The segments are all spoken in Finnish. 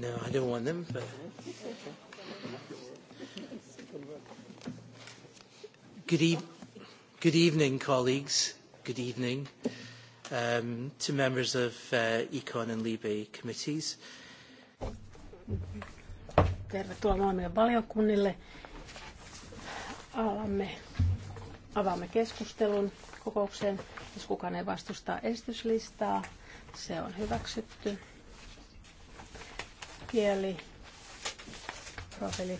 No, I don't want them, but... Good, e good evening, colleagues. Good evening um, to members of uh, Econ and Libe committees. Tervetuloa maailman valiokunnille. Alamme, avaamme keskustelun kokoukseen. Jos kukaan ei vastustaa esityslistaa, se on hyväksytty kieli profiili.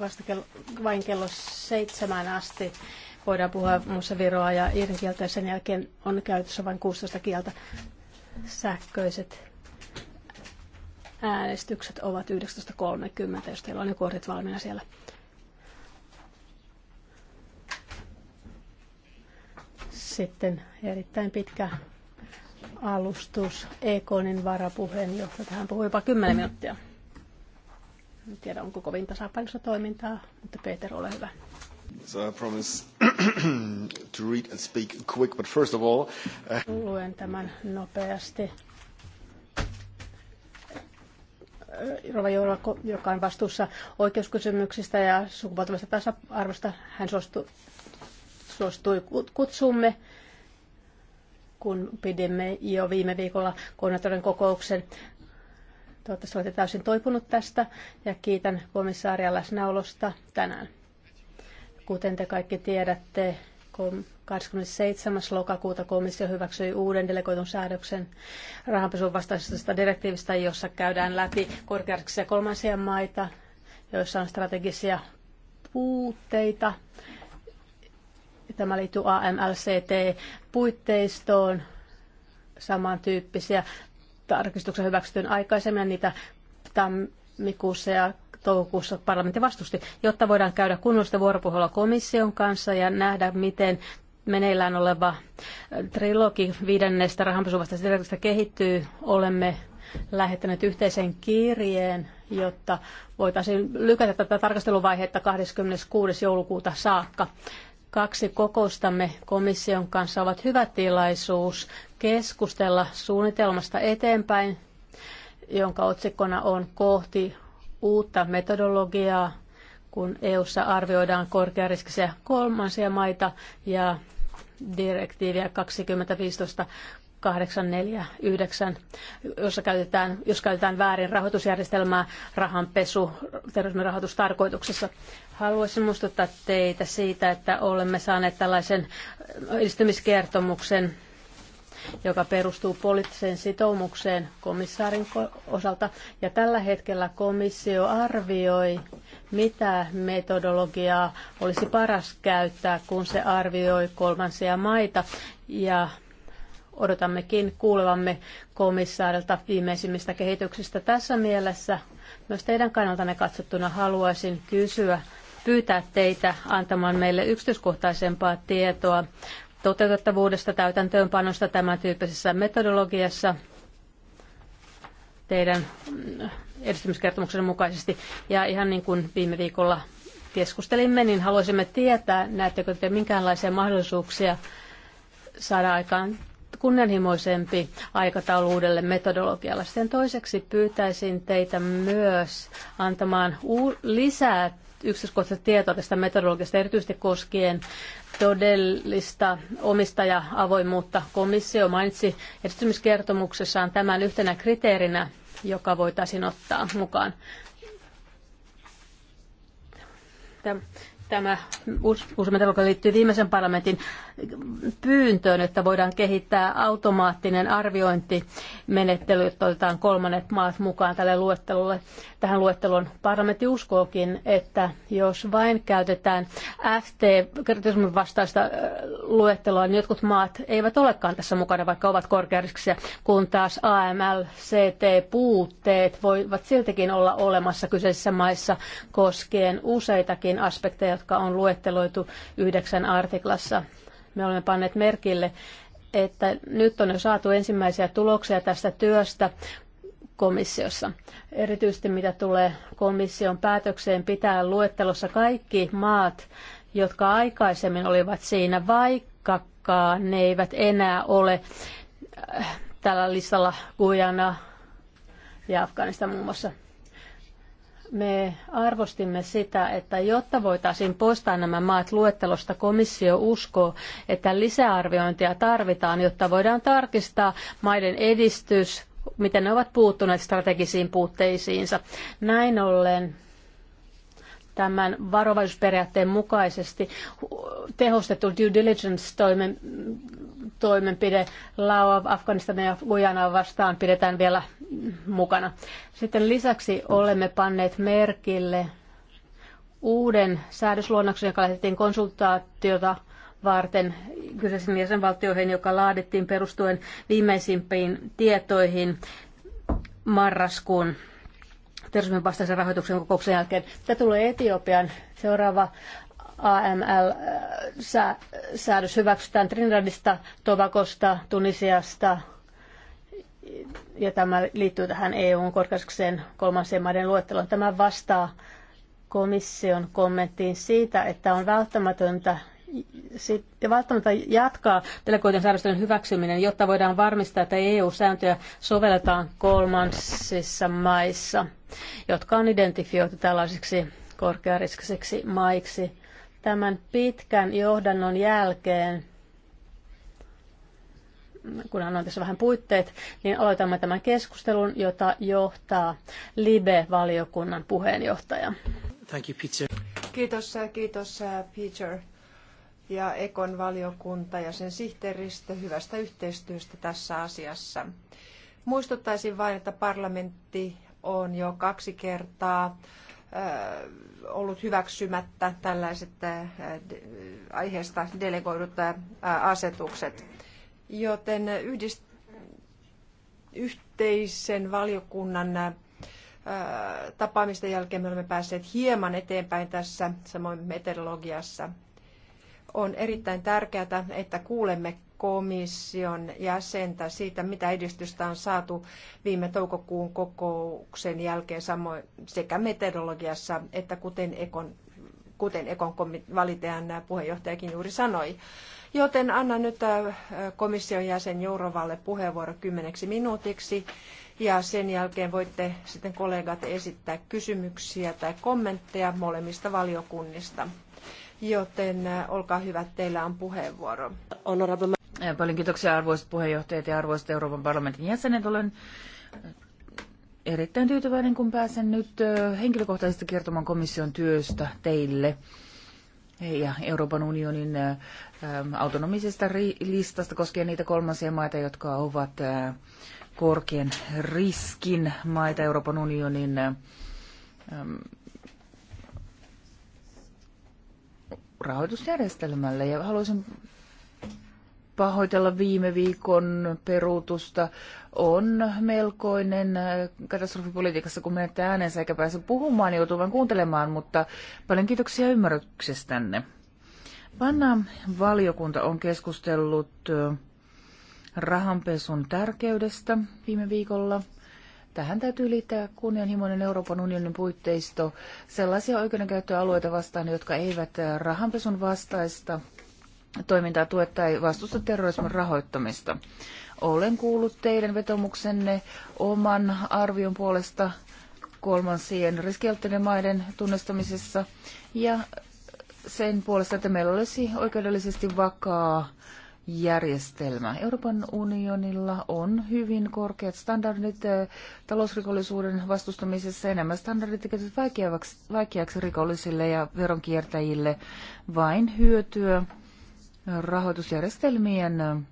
Vasta kello, vain kello seitsemän asti voidaan puhua muussa viroa ja iirin kieltä ja sen jälkeen on käytössä vain 16 kieltä. Sähköiset äänestykset ovat 19.30, jos teillä on ne kortit valmiina siellä. Sitten erittäin pitkä alustus. Ekonin varapuheenjohtaja. Hän puhui jopa 10 mm. minuuttia. En tiedä, onko kovin tasapainossa toimintaa, mutta Peter, ole hyvä. So I promise to read and speak quick, but first of all... Uh... Luen tämän nopeasti. Rova Joula, joka on vastuussa oikeuskysymyksistä ja sukupuolten tasa-arvosta, hän suostui, suostui kutsumme kun pidimme jo viime viikolla koordinaattorin kokouksen. Toivottavasti olette täysin toipunut tästä ja kiitän komissaaria läsnäolosta tänään. Kuten te kaikki tiedätte, 27. lokakuuta komissio hyväksyi uuden delegoitun säädöksen rahanpesun vastaisesta direktiivistä, jossa käydään läpi korkeaksi kolmansia maita, joissa on strategisia puutteita Tämä liittyy AMLCT-puitteistoon, samantyyppisiä tarkistuksia hyväksytyn aikaisemmin, niitä tammikuussa ja toukokuussa parlamentti vastusti, jotta voidaan käydä kunnollista vuoropuhelua komission kanssa ja nähdä, miten meneillään oleva trilogi viidennestä rahanpesuvasta direktiivistä kehittyy. Olemme lähettäneet yhteisen kirjeen, jotta voitaisiin lykätä tätä tarkasteluvaihetta 26. joulukuuta saakka. Kaksi kokoustamme komission kanssa ovat hyvä tilaisuus keskustella suunnitelmasta eteenpäin, jonka otsikkona on kohti uutta metodologiaa, kun EU:ssa arvioidaan korkeariskisiä kolmansia maita ja direktiiviä 2015 849, jossa käytetään, jos käytetään väärin rahoitusjärjestelmää rahanpesu terrorismin rahoitustarkoituksessa. Haluaisin muistuttaa teitä siitä, että olemme saaneet tällaisen äh, edistymiskertomuksen, joka perustuu poliittiseen sitoumukseen komissaarin osalta. Ja tällä hetkellä komissio arvioi, mitä metodologiaa olisi paras käyttää, kun se arvioi kolmansia maita ja odotammekin kuulevamme komissaarilta viimeisimmistä kehityksistä. Tässä mielessä myös teidän kannaltanne katsottuna haluaisin kysyä, pyytää teitä antamaan meille yksityiskohtaisempaa tietoa toteutettavuudesta, täytäntöönpanosta tämän tyyppisessä metodologiassa teidän mm, edistymiskertomuksen mukaisesti. Ja ihan niin kuin viime viikolla keskustelimme, niin haluaisimme tietää, näettekö te minkäänlaisia mahdollisuuksia saada aikaan kunnianhimoisempi aikataulu uudelle metodologialle. Sen toiseksi pyytäisin teitä myös antamaan lisää yksityiskohtaista tietoa tästä metodologiasta, erityisesti koskien todellista omistaja-avoimuutta. Komissio mainitsi edistymiskertomuksessaan tämän yhtenä kriteerinä, joka voitaisiin ottaa mukaan. Tämä uusi metodologia liittyy viimeisen parlamentin pyyntöön, että voidaan kehittää automaattinen arviointimenettely, jotta otetaan kolmannet maat mukaan tälle luettelulle. Tähän luetteloon parlamentti uskookin, että jos vain käytetään ft vastaista luetteloa, niin jotkut maat eivät olekaan tässä mukana, vaikka ovat korkeariskisiä, kun taas AML, CT, puutteet voivat siltikin olla olemassa kyseisissä maissa koskien useitakin aspekteja, jotka on luetteloitu yhdeksän artiklassa me olemme panneet merkille, että nyt on jo saatu ensimmäisiä tuloksia tästä työstä komissiossa. Erityisesti mitä tulee komission päätökseen pitää luettelossa kaikki maat, jotka aikaisemmin olivat siinä, vaikkakaan ne eivät enää ole äh, tällä listalla Guyana ja Afganistan muun muassa. Me arvostimme sitä, että jotta voitaisiin poistaa nämä maat luettelosta, komissio uskoo, että lisäarviointia tarvitaan, jotta voidaan tarkistaa maiden edistys, miten ne ovat puuttuneet strategisiin puutteisiinsa. Näin ollen tämän varovaisuusperiaatteen mukaisesti tehostettu due diligence-toimenpide Laoa, Afganistan ja Gujanaa vastaan pidetään vielä mukana. Sitten lisäksi olemme panneet merkille uuden säädösluonnoksen, joka lähetettiin konsultaatiota varten kyseisiin jäsenvaltioihin, joka laadittiin perustuen viimeisimpiin tietoihin marraskuun terrorismin vastaisen rahoituksen kokouksen jälkeen. Mitä tulee Etiopian seuraava AML-säädös äh, hyväksytään Trinidadista, Tobakosta, Tunisiasta, ja tämä liittyy tähän EUn korkeaskseen kolmansien maiden luetteloon. Tämä vastaa komission kommenttiin siitä, että on välttämätöntä sitten välttämättä jatkaa delegoitujen säädösten hyväksyminen, jotta voidaan varmistaa, että EU-sääntöjä sovelletaan kolmansissa maissa, jotka on identifioitu tällaisiksi korkeariskiseksi maiksi. Tämän pitkän johdannon jälkeen, kun annoin tässä vähän puitteet, niin aloitamme tämän keskustelun, jota johtaa LIBE-valiokunnan puheenjohtaja. Thank you, Peter. Kiitos, kiitos Peter ja Ekon valiokunta ja sen sihteeristö hyvästä yhteistyöstä tässä asiassa. Muistuttaisin vain, että parlamentti on jo kaksi kertaa äh, ollut hyväksymättä tällaiset äh, aiheesta delegoidut äh, asetukset. Joten yhdist- yhteisen valiokunnan tapaamisten jälkeen me olemme päässeet hieman eteenpäin tässä samoin meteorologiassa on erittäin tärkeää, että kuulemme komission jäsentä siitä, mitä edistystä on saatu viime toukokuun kokouksen jälkeen samoin sekä metodologiassa että kuten Ekon, kuten Ekon valitean puheenjohtajakin juuri sanoi. Joten annan nyt äh, komission jäsen Jourovalle puheenvuoro kymmeneksi minuutiksi ja sen jälkeen voitte sitten kollegat esittää kysymyksiä tai kommentteja molemmista valiokunnista joten äh, olkaa hyvä, teillä on puheenvuoro. Äh, paljon kiitoksia arvoisat puheenjohtajat ja arvoisat Euroopan parlamentin jäsenet. Olen äh, erittäin tyytyväinen, kun pääsen nyt henkilökohtaisesti kertomaan komission työstä teille ja Euroopan unionin autonomisesta listasta koskien niitä kolmansia maita, jotka ovat korkean riskin maita Euroopan unionin rahoitusjärjestelmälle. Ja haluaisin pahoitella viime viikon peruutusta. On melkoinen äh, katastrofipolitiikassa, kun menette äänensä eikä pääse puhumaan, niin joutuu vain kuuntelemaan, mutta paljon kiitoksia ymmärryksestänne. Panna valiokunta on keskustellut äh, rahanpesun tärkeydestä viime viikolla – Tähän täytyy liittää kunnianhimoinen Euroopan unionin puitteisto sellaisia oikeudenkäyttöalueita vastaan, jotka eivät äh, rahanpesun vastaista toimintaa tue tai vastusta terrorismin rahoittamista. Olen kuullut teidän vetomuksenne oman arvion puolesta kolmansien riskialttinen maiden tunnistamisessa ja sen puolesta, että meillä olisi oikeudellisesti vakaa järjestelmä. Euroopan unionilla on hyvin korkeat standardit eh, talousrikollisuuden vastustamisessa. Ja nämä standardit tekevät vaikeaksi, vaikeaksi rikollisille ja veronkiertäjille vain hyötyä rahoitusjärjestelmien eh,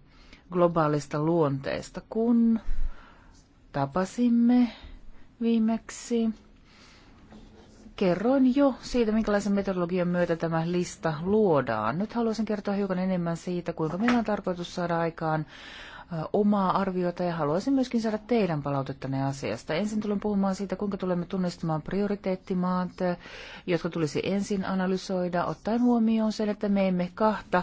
globaalista luonteesta. Kun tapasimme viimeksi kerroin jo siitä, minkälaisen metodologian myötä tämä lista luodaan. Nyt haluaisin kertoa hiukan enemmän siitä, kuinka meillä on tarkoitus saada aikaan omaa arviota ja haluaisin myöskin saada teidän palautettanne asiasta. Ensin tulen puhumaan siitä, kuinka tulemme tunnistamaan prioriteettimaat, jotka tulisi ensin analysoida, ottaen huomioon sen, että me emme kahta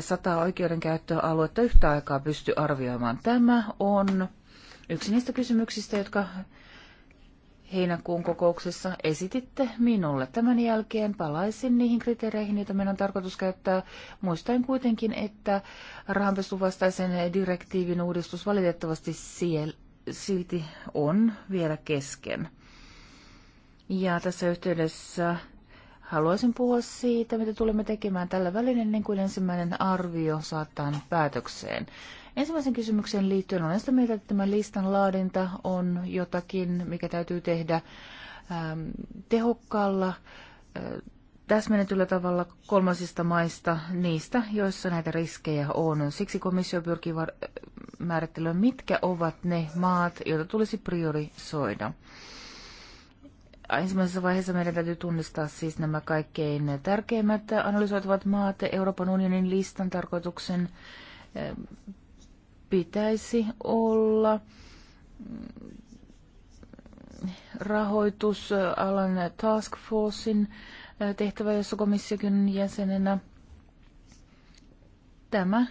sataa oikeudenkäyttöaluetta yhtä aikaa pysty arvioimaan. Tämä on yksi niistä kysymyksistä, jotka heinäkuun kokouksessa esititte minulle. Tämän jälkeen palaisin niihin kriteereihin, joita meidän on tarkoitus käyttää, muistaen kuitenkin, että rahanpesuvastaisen direktiivin uudistus valitettavasti siel, silti on vielä kesken. Ja tässä yhteydessä haluaisin puhua siitä, mitä tulemme tekemään tällä välin ennen kuin ensimmäinen arvio saattaa päätökseen. Ensimmäisen kysymyksen liittyen olen sitä mieltä, että tämä listan laadinta on jotakin, mikä täytyy tehdä ähm, tehokkaalla, äh, täsmennetyllä tavalla kolmasista maista, niistä, joissa näitä riskejä on. Siksi komissio pyrkii var- äh, määrittelemään, mitkä ovat ne maat, joita tulisi priorisoida. Ensimmäisessä vaiheessa meidän täytyy tunnistaa siis nämä kaikkein tärkeimmät analysoitavat maat Euroopan unionin listan tarkoituksen äh, pitäisi olla rahoitusalan task forcein tehtävä, jossa komissiokin jäsenenä. Tämä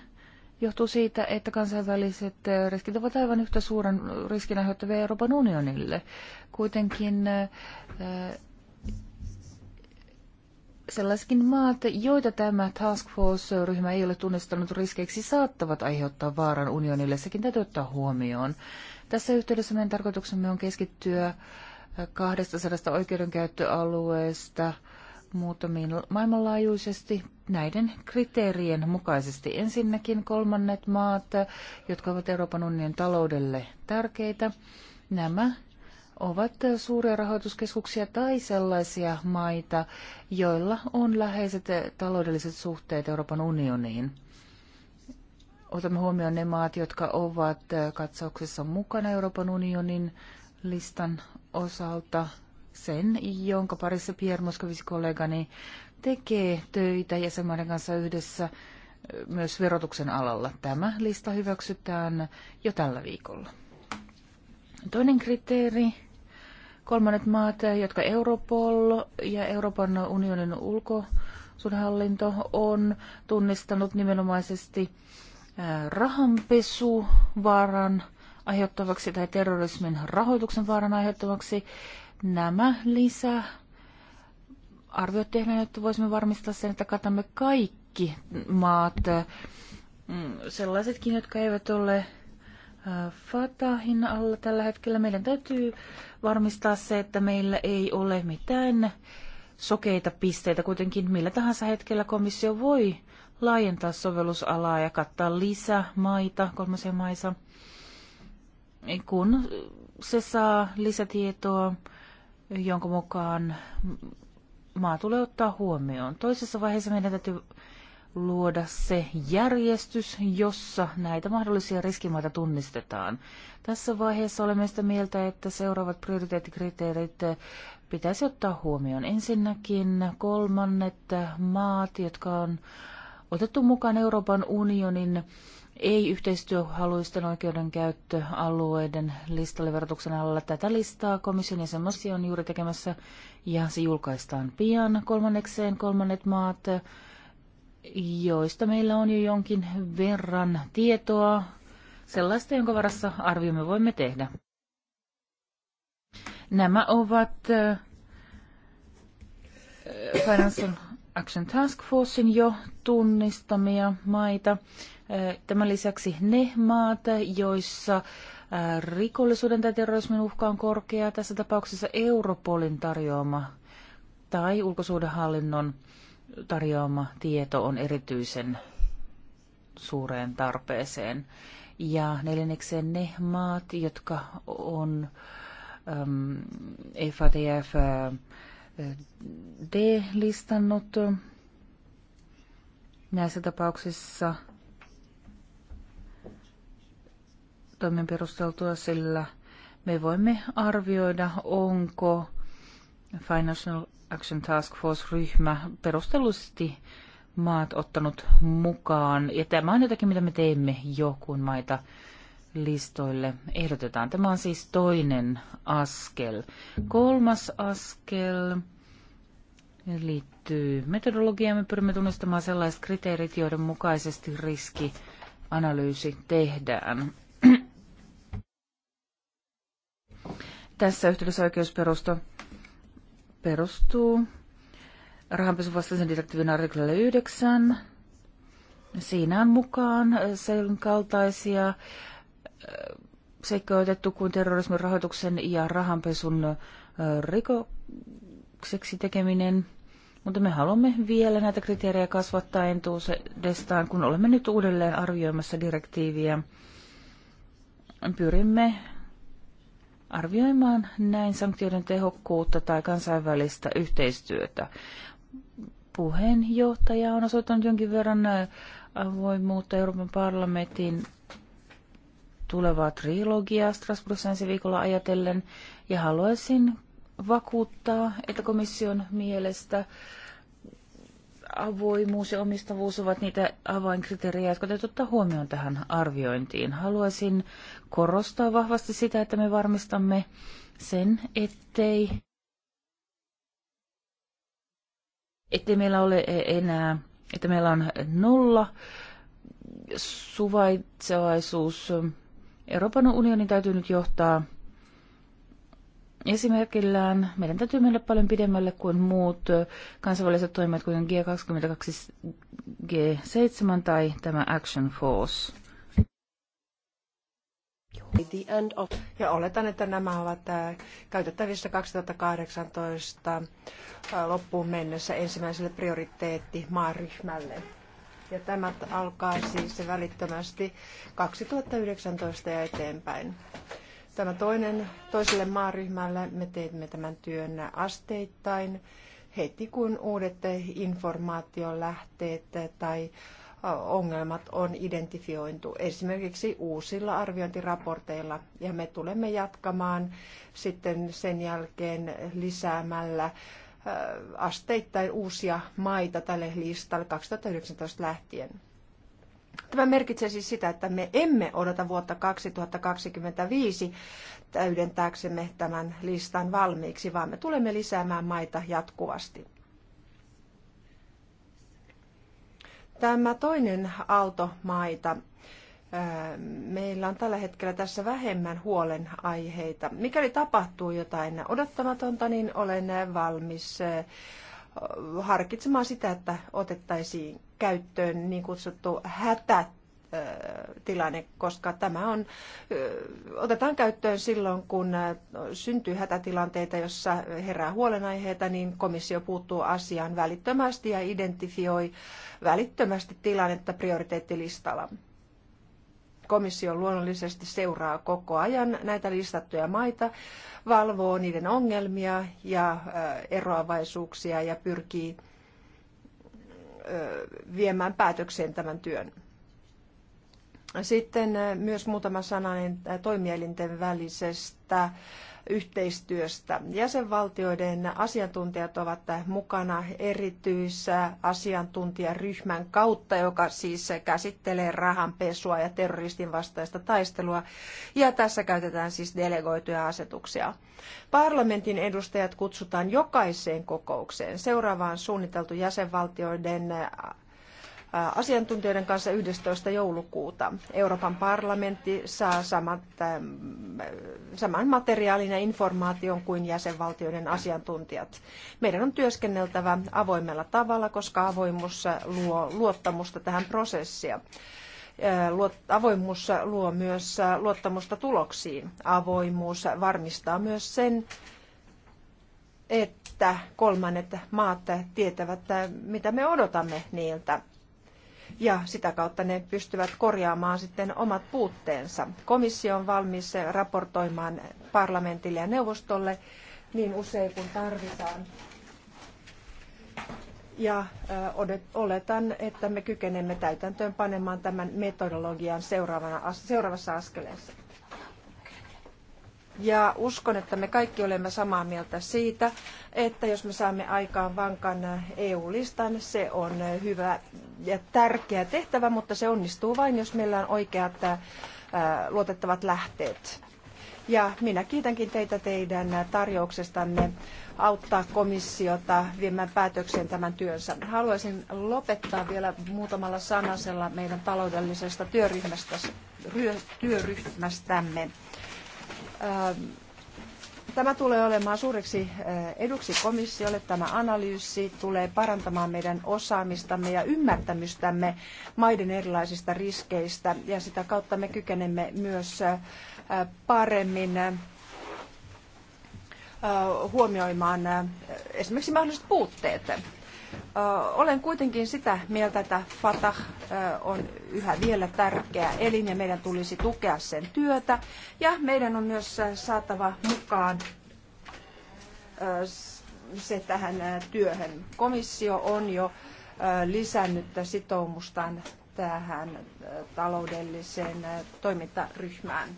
johtuu siitä, että kansainväliset riskit ovat aivan yhtä suuren riskin aiheuttavia Euroopan unionille. Kuitenkin sellaisetkin maat, joita tämä Task Force-ryhmä ei ole tunnistanut riskeiksi, saattavat aiheuttaa vaaran unionille. Sekin täytyy ottaa huomioon. Tässä yhteydessä meidän tarkoituksemme on keskittyä 200 äh, oikeudenkäyttöalueesta muutamiin maailmanlaajuisesti näiden kriteerien mukaisesti. Ensinnäkin kolmannet maat, jotka ovat Euroopan unionin taloudelle tärkeitä. Nämä ovat suuria rahoituskeskuksia tai sellaisia maita, joilla on läheiset taloudelliset suhteet Euroopan unioniin. Otamme huomioon ne maat, jotka ovat katsauksessa mukana Euroopan unionin listan osalta sen, jonka parissa Pierre Moskovisi kollegani tekee töitä jäsenmaiden kanssa yhdessä myös verotuksen alalla. Tämä lista hyväksytään jo tällä viikolla. Toinen kriteeri kolmannet maat, jotka Europol ja Euroopan unionin ulkosuudenhallinto on tunnistanut nimenomaisesti rahanpesuvaaran aiheuttavaksi tai terrorismin rahoituksen vaaran aiheuttavaksi. Nämä lisää arviot tehdään, että voisimme varmistaa sen, että katamme kaikki maat, sellaisetkin, jotka eivät ole Fatahin alla tällä hetkellä. Meidän täytyy varmistaa se, että meillä ei ole mitään sokeita pisteitä. Kuitenkin millä tahansa hetkellä komissio voi laajentaa sovellusalaa ja kattaa lisää maita, kolmasia maissa, kun se saa lisätietoa, jonka mukaan maa tulee ottaa huomioon. Toisessa vaiheessa meidän täytyy luoda se järjestys, jossa näitä mahdollisia riskimaita tunnistetaan. Tässä vaiheessa olemme sitä mieltä, että seuraavat prioriteettikriteerit pitäisi ottaa huomioon. Ensinnäkin kolmannet maat, jotka on otettu mukaan Euroopan unionin ei-yhteistyöhaluisten oikeudenkäyttöalueiden listalle verotuksen alla. Tätä listaa komission jäsenmassi on juuri tekemässä ja se julkaistaan pian. Kolmannekseen kolmannet maat, joista meillä on jo jonkin verran tietoa, sellaista, jonka varassa arviomme voimme tehdä. Nämä ovat Financial Action Task Forcein jo tunnistamia maita. Tämän lisäksi ne maat, joissa rikollisuuden tai terrorismin uhka on korkea, tässä tapauksessa Europolin tarjoama tai ulkosuudenhallinnon tarjoama tieto on erityisen suureen tarpeeseen. Ja neljännekseen ne maat, jotka on äm, FATF D-listannut näissä tapauksissa toimen perusteltua, sillä me voimme arvioida, onko Financial Action Task Force-ryhmä perustellusti maat ottanut mukaan. Ja tämä on jotakin, mitä me teemme jo, kun maita listoille ehdotetaan. Tämä on siis toinen askel. Kolmas askel liittyy metodologiaan. Me pyrimme tunnistamaan sellaiset kriteerit, joiden mukaisesti riskianalyysi tehdään. Tässä yhteydessä oikeusperusto perustuu rahanpesuvastaisen direktiivin artiklalle 9. Siinä on mukaan sen kaltaisia äh, seikkoja otettu kuin terrorismin rahoituksen ja rahanpesun äh, rikokseksi tekeminen. Mutta me haluamme vielä näitä kriteerejä kasvattaa entuudestaan, kun olemme nyt uudelleen arvioimassa direktiiviä. Pyrimme arvioimaan näin sanktioiden tehokkuutta tai kansainvälistä yhteistyötä. Puheenjohtaja on osoittanut jonkin verran äh, avoimuutta Euroopan parlamentin tulevaa trilogiaa Strasbourgissa ensi viikolla ajatellen, ja haluaisin vakuuttaa, että komission mielestä avoimuus ja omistavuus ovat niitä avainkriteerejä, jotka täytyy ottaa huomioon tähän arviointiin. Haluaisin korostaa vahvasti sitä, että me varmistamme sen, ettei, ettei meillä ole enää, että meillä on nolla suvaitsevaisuus. Euroopan unionin täytyy nyt johtaa esimerkillään meidän täytyy mennä paljon pidemmälle kuin muut kansainväliset toimijat, kuten G22, G7 tai tämä Action Force. Ja oletan, että nämä ovat äh, käytettävissä 2018 äh, loppuun mennessä ensimmäiselle prioriteetti maaryhmälle. Ja tämä alkaa siis välittömästi 2019 ja eteenpäin. Tämä toinen, toiselle maaryhmälle me teimme tämän työn asteittain heti kun uudet informaatiolähteet tai ongelmat on identifiointu esimerkiksi uusilla arviointiraporteilla ja me tulemme jatkamaan sitten sen jälkeen lisäämällä asteittain uusia maita tälle listalle 2019 lähtien. Tämä merkitsee siis sitä, että me emme odota vuotta 2025 täydentääksemme tämän listan valmiiksi, vaan me tulemme lisäämään maita jatkuvasti. Tämä toinen aalto maita. Meillä on tällä hetkellä tässä vähemmän huolenaiheita. Mikäli tapahtuu jotain odottamatonta, niin olen valmis harkitsemaan sitä, että otettaisiin käyttöön niin kutsuttu hätätilanne, koska tämä on, otetaan käyttöön silloin, kun syntyy hätätilanteita, jossa herää huolenaiheita, niin komissio puuttuu asiaan välittömästi ja identifioi välittömästi tilannetta prioriteettilistalla. Komissio luonnollisesti seuraa koko ajan näitä listattuja maita, valvoo niiden ongelmia ja eroavaisuuksia ja pyrkii viemään päätökseen tämän työn. Sitten myös muutama sananen niin, toimielinten välisestä yhteistyöstä. Jäsenvaltioiden asiantuntijat ovat mukana erityisessä asiantuntijaryhmän kautta, joka siis käsittelee rahanpesua ja terroristin vastaista taistelua. Ja tässä käytetään siis delegoituja asetuksia. Parlamentin edustajat kutsutaan jokaiseen kokoukseen. Seuraavaan suunniteltu jäsenvaltioiden asiantuntijoiden kanssa 11. joulukuuta. Euroopan parlamentti saa samat, saman materiaalin ja informaation kuin jäsenvaltioiden asiantuntijat. Meidän on työskenneltävä avoimella tavalla, koska avoimuus luo luottamusta tähän prosessiin. Avoimuus luo myös luottamusta tuloksiin. Avoimuus varmistaa myös sen, että kolmannet maat tietävät, mitä me odotamme niiltä ja sitä kautta ne pystyvät korjaamaan sitten omat puutteensa. Komissio on valmis raportoimaan parlamentille ja neuvostolle niin usein kuin tarvitaan. Ja oletan, että me kykenemme täytäntöön panemaan tämän metodologian seuraavana, seuraavassa askeleessa. Ja uskon, että me kaikki olemme samaa mieltä siitä, että jos me saamme aikaan vankan eh, EU-listan, se on eh, hyvä ja tärkeä tehtävä, mutta se onnistuu vain, jos meillä on oikeat eh, luotettavat lähteet. Ja minä kiitänkin teitä teidän tarjouksestanne auttaa komissiota viemään päätökseen tämän työnsä. Haluaisin lopettaa vielä muutamalla sanasella meidän taloudellisesta työryhmästä, työryhmästämme. Ähm, tämä tulee olemaan suureksi äh, eduksi komissiolle. Tämä analyysi tulee parantamaan meidän osaamistamme ja ymmärtämystämme maiden erilaisista riskeistä ja sitä kautta me kykenemme myös äh, paremmin äh, huomioimaan esimerkiksi mahdolliset puutteet. Olen kuitenkin sitä mieltä, että Fatah on yhä vielä tärkeä elin ja meidän tulisi tukea sen työtä. Ja meidän on myös saatava mukaan se tähän työhön. Komissio on jo lisännyt sitoumustaan tähän taloudelliseen toimintaryhmään.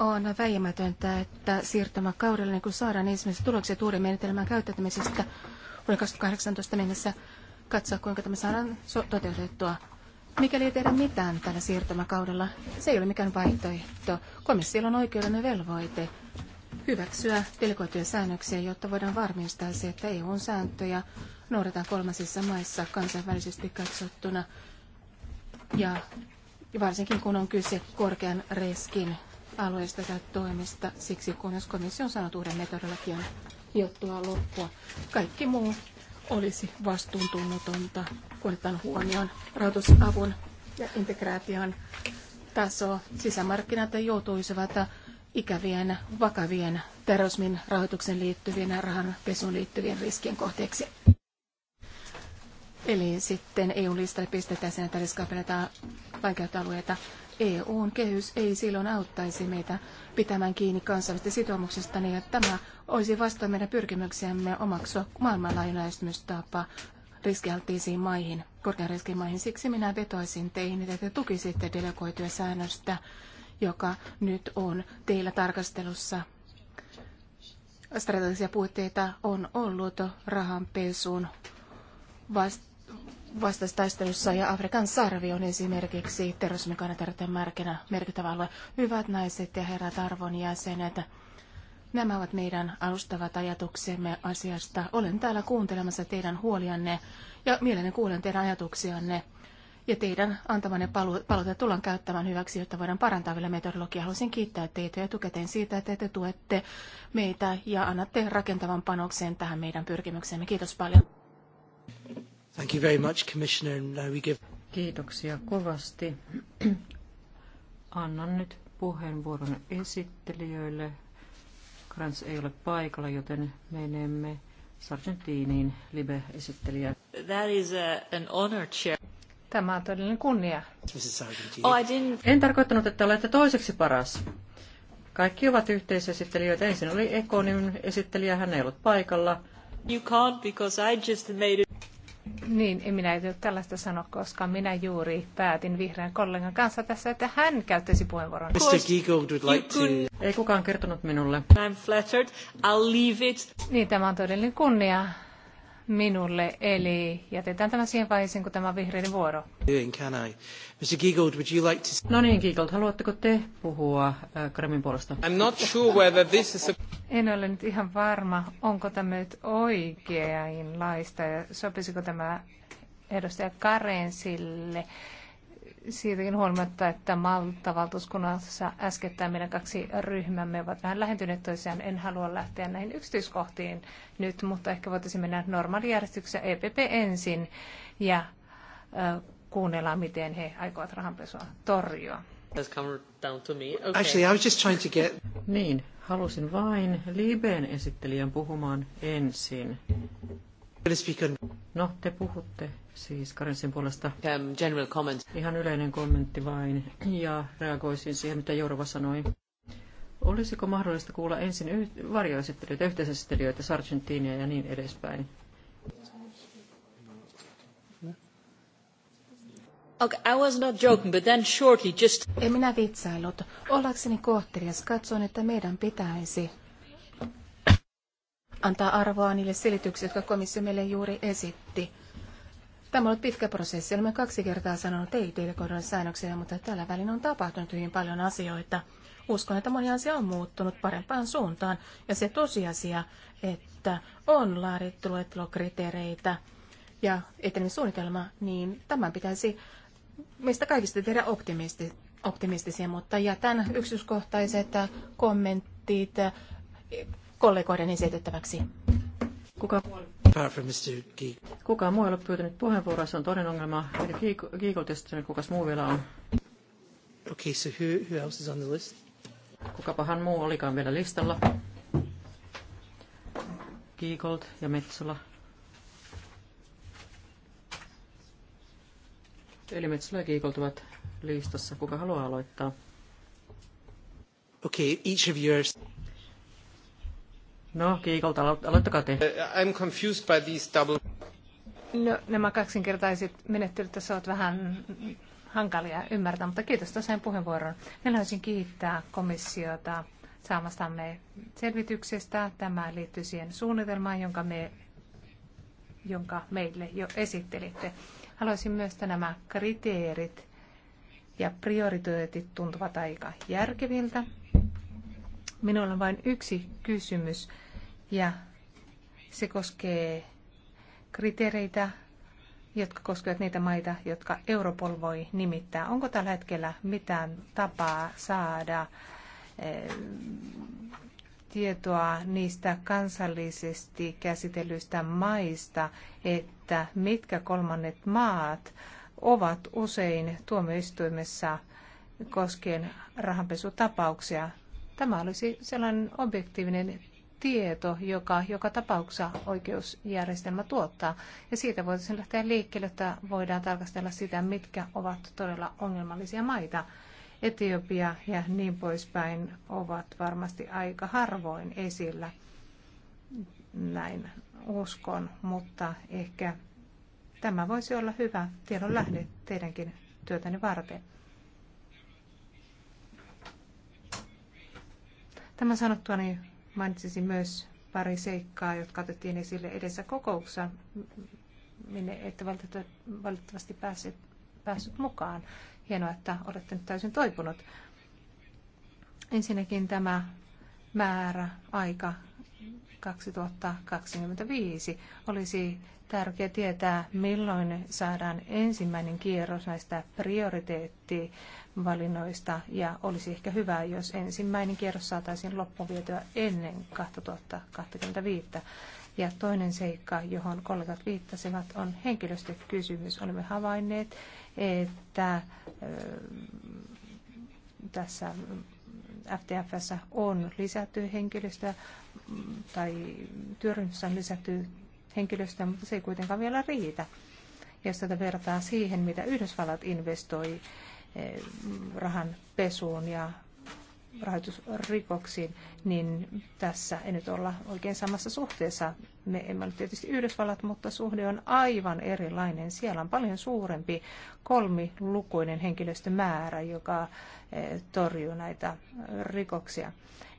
On väimätöntä, että siirtymäkaudella, niin saadaan ensimmäiset tulokset uuden menetelmän käyttämisestä, vuoden 2018 mennessä katsoa, kuinka tämä saadaan toteutettua. Mikäli ei tehdä mitään tällä siirtymäkaudella, se ei ole mikään vaihtoehto. Komissiolla on oikeudellinen velvoite hyväksyä delegoituja säännöksiä, jotta voidaan varmistaa se, että EUn sääntöjä noudatetaan kolmansissa maissa kansainvälisesti katsottuna. Ja varsinkin kun on kyse korkean riskin alueesta tai toimista, siksi kunnes komissio on saanut uuden metodologian hiottua loppua. Kaikki muu olisi vastuuntunnotonta, kun otetaan huomioon rahoitusavun ja integraation taso. Sisämarkkinat joutuisivat ikävien, vakavien terrorismin rahoituksen liittyvien ja rahanpesuun liittyvien riskien kohteeksi. Eli sitten EU-listalle pistetään sen riskaapeleita vaikeita alueita. EUn kehys ei silloin auttaisi meitä pitämään kiinni kansainvälisistä sitoumuksesta, niin että tämä olisi vastoin meidän pyrkimyksiämme omaksua maailmanlaajuinen lähestymistapa riskialttiisiin maihin, korkean riskin maihin. Siksi minä vetoisin teihin, että te tukisitte delegoituja säännöstä, joka nyt on teillä tarkastelussa. Strategisia puutteita on ollut rahanpesuun vasta vastaistaistelussa ja Afrikan sarvi on esimerkiksi terrorismin kannattaa merkittävä alue. Hyvät naiset ja herrat arvon jäsenet, Nämä ovat meidän alustavat ajatuksemme asiasta. Olen täällä kuuntelemassa teidän huolianne ja mielelläni kuulen teidän ajatuksianne. Ja teidän antamanne palautetta tullaan käyttämään hyväksi, jotta voidaan parantaa vielä metodologiaa. Haluaisin kiittää teitä etukäteen siitä, että te tuette meitä ja annatte rakentavan panoksen tähän meidän pyrkimyksemme. Kiitos paljon. Thank you very much, Commissioner. Now we give... Kiitoksia kovasti. Annan nyt puheenvuoron esittelijöille. Krantz ei ole paikalla, joten menemme Sargentiniin libe esittelijä. That is a, an honor, chair. Tämä on todellinen kunnia. Oh, I didn't... En tarkoittanut, että olette toiseksi paras. Kaikki ovat yhteisesittelijöitä. Ensin oli Ekonin esittelijä, hän ei ollut paikalla. You can't because I just made it. Niin, en minä ei tällaista sano, koska minä juuri päätin vihreän kollegan kanssa tässä, että hän käyttäisi puheenvuoron. Mr. Giegold would like to... Ei kukaan kertonut minulle. I'm flattered. I'll leave it. Niin, tämä on todellinen kunnia minulle, eli jätetään tämä siihen vaiheeseen, kun tämä on vihreiden vuoro. No niin, Giegold, haluatteko te puhua äh, Kremin puolesta? I'm not sure whether this is a... En ole nyt ihan varma, onko tämä nyt oikeinlaista ja sopisiko tämä edustaja Karensille. sille siitäkin huolimatta, että Malta valtuuskunnassa äskettäin meidän kaksi ryhmämme ovat vähän lähentyneet toisiaan. En halua lähteä näihin yksityiskohtiin nyt, mutta ehkä voitaisiin mennä normaalijärjestyksessä EPP ensin ja äh, miten he aikovat rahanpesua torjua. Actually, I was just trying to get... Niin, halusin vain Liben esittelijän puhumaan ensin. No, te puhutte siis Karensin puolesta. Um, general comment. Ihan yleinen kommentti vain, ja reagoisin siihen, mitä Jourova sanoi. Olisiko mahdollista kuulla ensin varjoesittelijöitä, yhteisesittelijöitä, sargentinia ja niin edespäin? Okay, I was not joking, but then shortly just... En minä vitsailut. Ollakseni kohtelias katson, että meidän pitäisi antaa arvoa niille selityksille, jotka komissio meille juuri esitti. Tämä on ollut pitkä prosessi. Olemme kaksi kertaa sanonut ei delegoidun säännöksiä, mutta tällä välin on tapahtunut hyvin paljon asioita. Uskon, että moni asia on muuttunut parempaan suuntaan. Ja se tosiasia, että on laadittu luettelokriteereitä ja etenemissuunnitelma, niin tämän pitäisi meistä kaikista tehdä optimisti, optimistisia, mutta jätän yksityiskohtaiset kommentit kollegoiden esitettäväksi. Kuka, kukaan muu ei ole pyytänyt puheenvuoroa, se on toinen ongelma. Eli Giegel kukas muu vielä on. Okay, so who, who else is on the list? Kukapahan muu olikaan vielä listalla. Giegold ja Metsola. Eli Metsola ja Giegold ovat listassa. Kuka haluaa aloittaa? Okay, each of yours. No, Kiikolta, aloittakaa te. Uh, I'm confused by these double... No, nämä kaksinkertaiset menettelyt tässä ovat vähän hankalia ymmärtää, mutta kiitos tosiaan puheenvuoron. Minä haluaisin kiittää komissiota saamastamme selvityksestä. Tämä liittyy siihen suunnitelmaan, jonka, me, jonka meille jo esittelitte. Haluaisin myös, että nämä kriteerit ja prioriteetit tuntuvat aika järkeviltä. Minulla on vain yksi kysymys ja se koskee kriteereitä, jotka koskevat niitä maita, jotka Europol voi nimittää. Onko tällä hetkellä mitään tapaa saada eh, tietoa niistä kansallisesti käsitellyistä maista, että mitkä kolmannet maat ovat usein tuomioistuimessa koskien rahanpesutapauksia. Tämä olisi sellainen objektiivinen tieto, joka joka tapauksessa oikeusjärjestelmä tuottaa. Ja siitä voitaisiin lähteä liikkeelle, että voidaan tarkastella sitä, mitkä ovat todella ongelmallisia maita. Etiopia ja niin poispäin ovat varmasti aika harvoin esillä, näin uskon, mutta ehkä tämä voisi olla hyvä tiedon lähde teidänkin työtäni varten. Tämä sanottua, niin mainitsisin myös pari seikkaa, jotka otettiin esille edessä kokouksessa, minne ette valitettavasti päässeet, päässyt mukaan. Hienoa, että olette nyt täysin toipunut. Ensinnäkin tämä määrä, aika 2025. Olisi tärkeää tietää, milloin saadaan ensimmäinen kierros näistä prioriteettivalinnoista ja olisi ehkä hyvä, jos ensimmäinen kierros saataisiin loppuvietyä ennen 2025. Ja toinen seikka, johon kollegat viittasivat, on henkilöstökysymys. Olemme havainneet, että tässä FTFssä on lisätty henkilöstöä mm, tai työryhmässä on lisätty henkilöstöä, mutta se ei kuitenkaan vielä riitä. Jos tätä vertaa siihen, mitä Yhdysvallat investoi eh, rahan pesuun ja rahoitusrikoksiin, niin tässä ei nyt olla oikein samassa suhteessa. Me emme ole tietysti Yhdysvallat, mutta suhde on aivan erilainen. Siellä on paljon suurempi kolmilukuinen henkilöstömäärä, joka eh, torjuu näitä eh, rikoksia.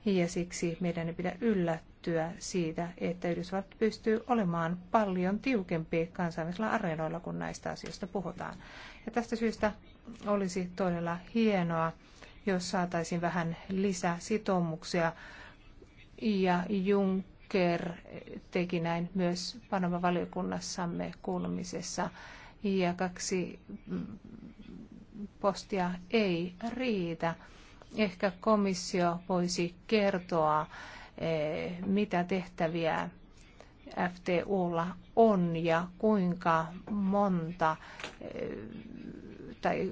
Ja siksi meidän ei pidä yllättyä siitä, että Yhdysvallat pystyy olemaan paljon tiukempi kansainvälisillä areenoilla, kun näistä asioista puhutaan. Ja tästä syystä olisi todella hienoa, jos saataisiin vähän lisäsitoumuksia. Ja Juncker teki näin myös Panama-valiokunnassamme kuulumisessa. Ja kaksi postia ei riitä. Ehkä komissio voisi kertoa, eh, mitä tehtäviä FTUlla on ja kuinka monta eh, tai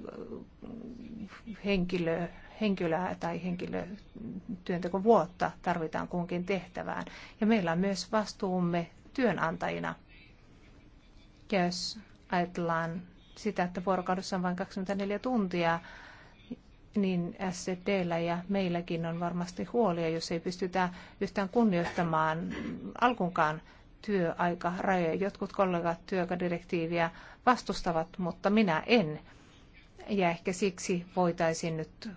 henkilöä henkilöä tai henkilötyöntekovuotta tarvitaan kunkin tehtävään. Ja meillä on myös vastuumme työnantajina. Ja jos ajatellaan sitä, että vuorokaudessa on vain 24 tuntia, niin SCDllä ja meilläkin on varmasti huolia, jos ei pystytä yhtään kunnioittamaan alkunkaan työaikarajoja. Jotkut kollegat työaikadirektiiviä vastustavat, mutta minä en ja ehkä siksi voitaisiin nyt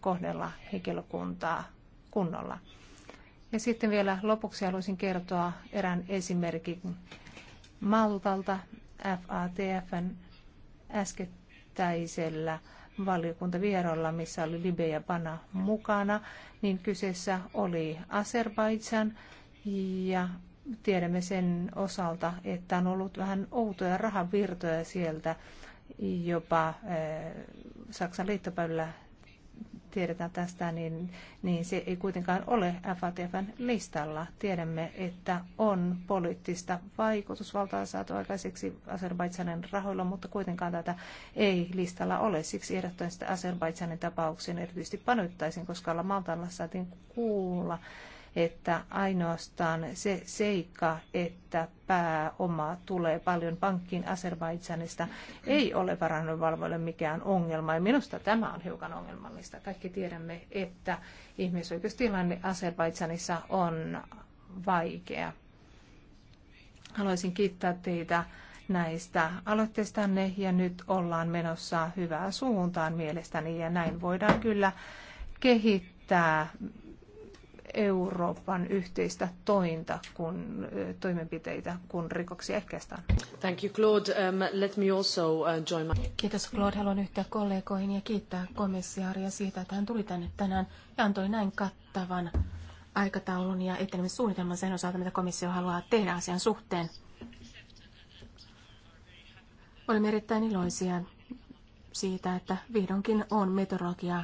kohdella henkilökuntaa kunnolla. Ja sitten vielä lopuksi haluaisin kertoa erään esimerkin Maltalta FATFn äskettäisellä valiokuntavierolla, missä oli Libe ja Bana mukana, niin kyseessä oli Azerbaidsan ja tiedämme sen osalta, että on ollut vähän outoja rahavirtoja sieltä jopa eh, Saksan liittopäivillä tiedetään tästä, niin, niin se ei kuitenkaan ole FATFn listalla. Tiedämme, että on poliittista vaikutusvaltaa saatu aikaiseksi Azerbaidsanin rahoilla, mutta kuitenkaan tätä ei listalla ole. Siksi ehdottomasti Azerbaidsanin tapauksen erityisesti panoittaisin, koska Maltalla saatiin kuulla, että ainoastaan se seikka, että pääoma tulee paljon pankkiin Azerbaidsanista, ei ole varannonvalvoille mikään ongelma. Ja minusta tämä on hiukan ongelmallista. Kaikki tiedämme, että ihmisoikeustilanne Azerbaidsanissa on vaikea. Haluaisin kiittää teitä näistä aloitteistanne ja nyt ollaan menossa hyvään suuntaan mielestäni ja näin voidaan kyllä kehittää Euroopan yhteistä tointa kun, toimenpiteitä, kun rikoksia ehkäistään. Thank you, Claude. Um, let me also uh, join my... Kiitos Claude. Haluan yhtyä kollegoihin ja kiittää komissaaria siitä, että hän tuli tänne tänään ja antoi näin kattavan aikataulun ja etenemissuunnitelman sen osalta, mitä komissio haluaa tehdä asian suhteen. Olemme erittäin iloisia siitä, että vihdoinkin on metodologiaa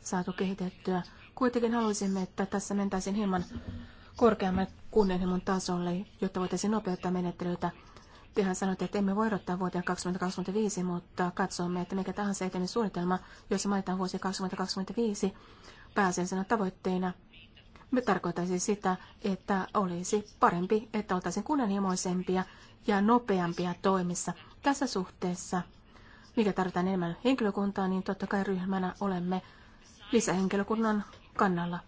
saatu kehitettyä Kuitenkin haluaisimme, että tässä mentäisiin hieman korkeamman kunnianhimon tasolle, jotta voitaisiin nopeuttaa menettelyitä. Tehän sanoitte, että emme voi odottaa vuoteen 2025, mutta katsomme, että mikä tahansa suunnitelma, jossa mainitaan vuosi 2025 pääasiallisena tavoitteena, me tarkoitaisi sitä, että olisi parempi, että oltaisiin kunnianhimoisempia ja nopeampia toimissa. Tässä suhteessa, mikä tarvitaan enemmän henkilökuntaa, niin totta kai ryhmänä olemme lisähenkilökunnan kannalla.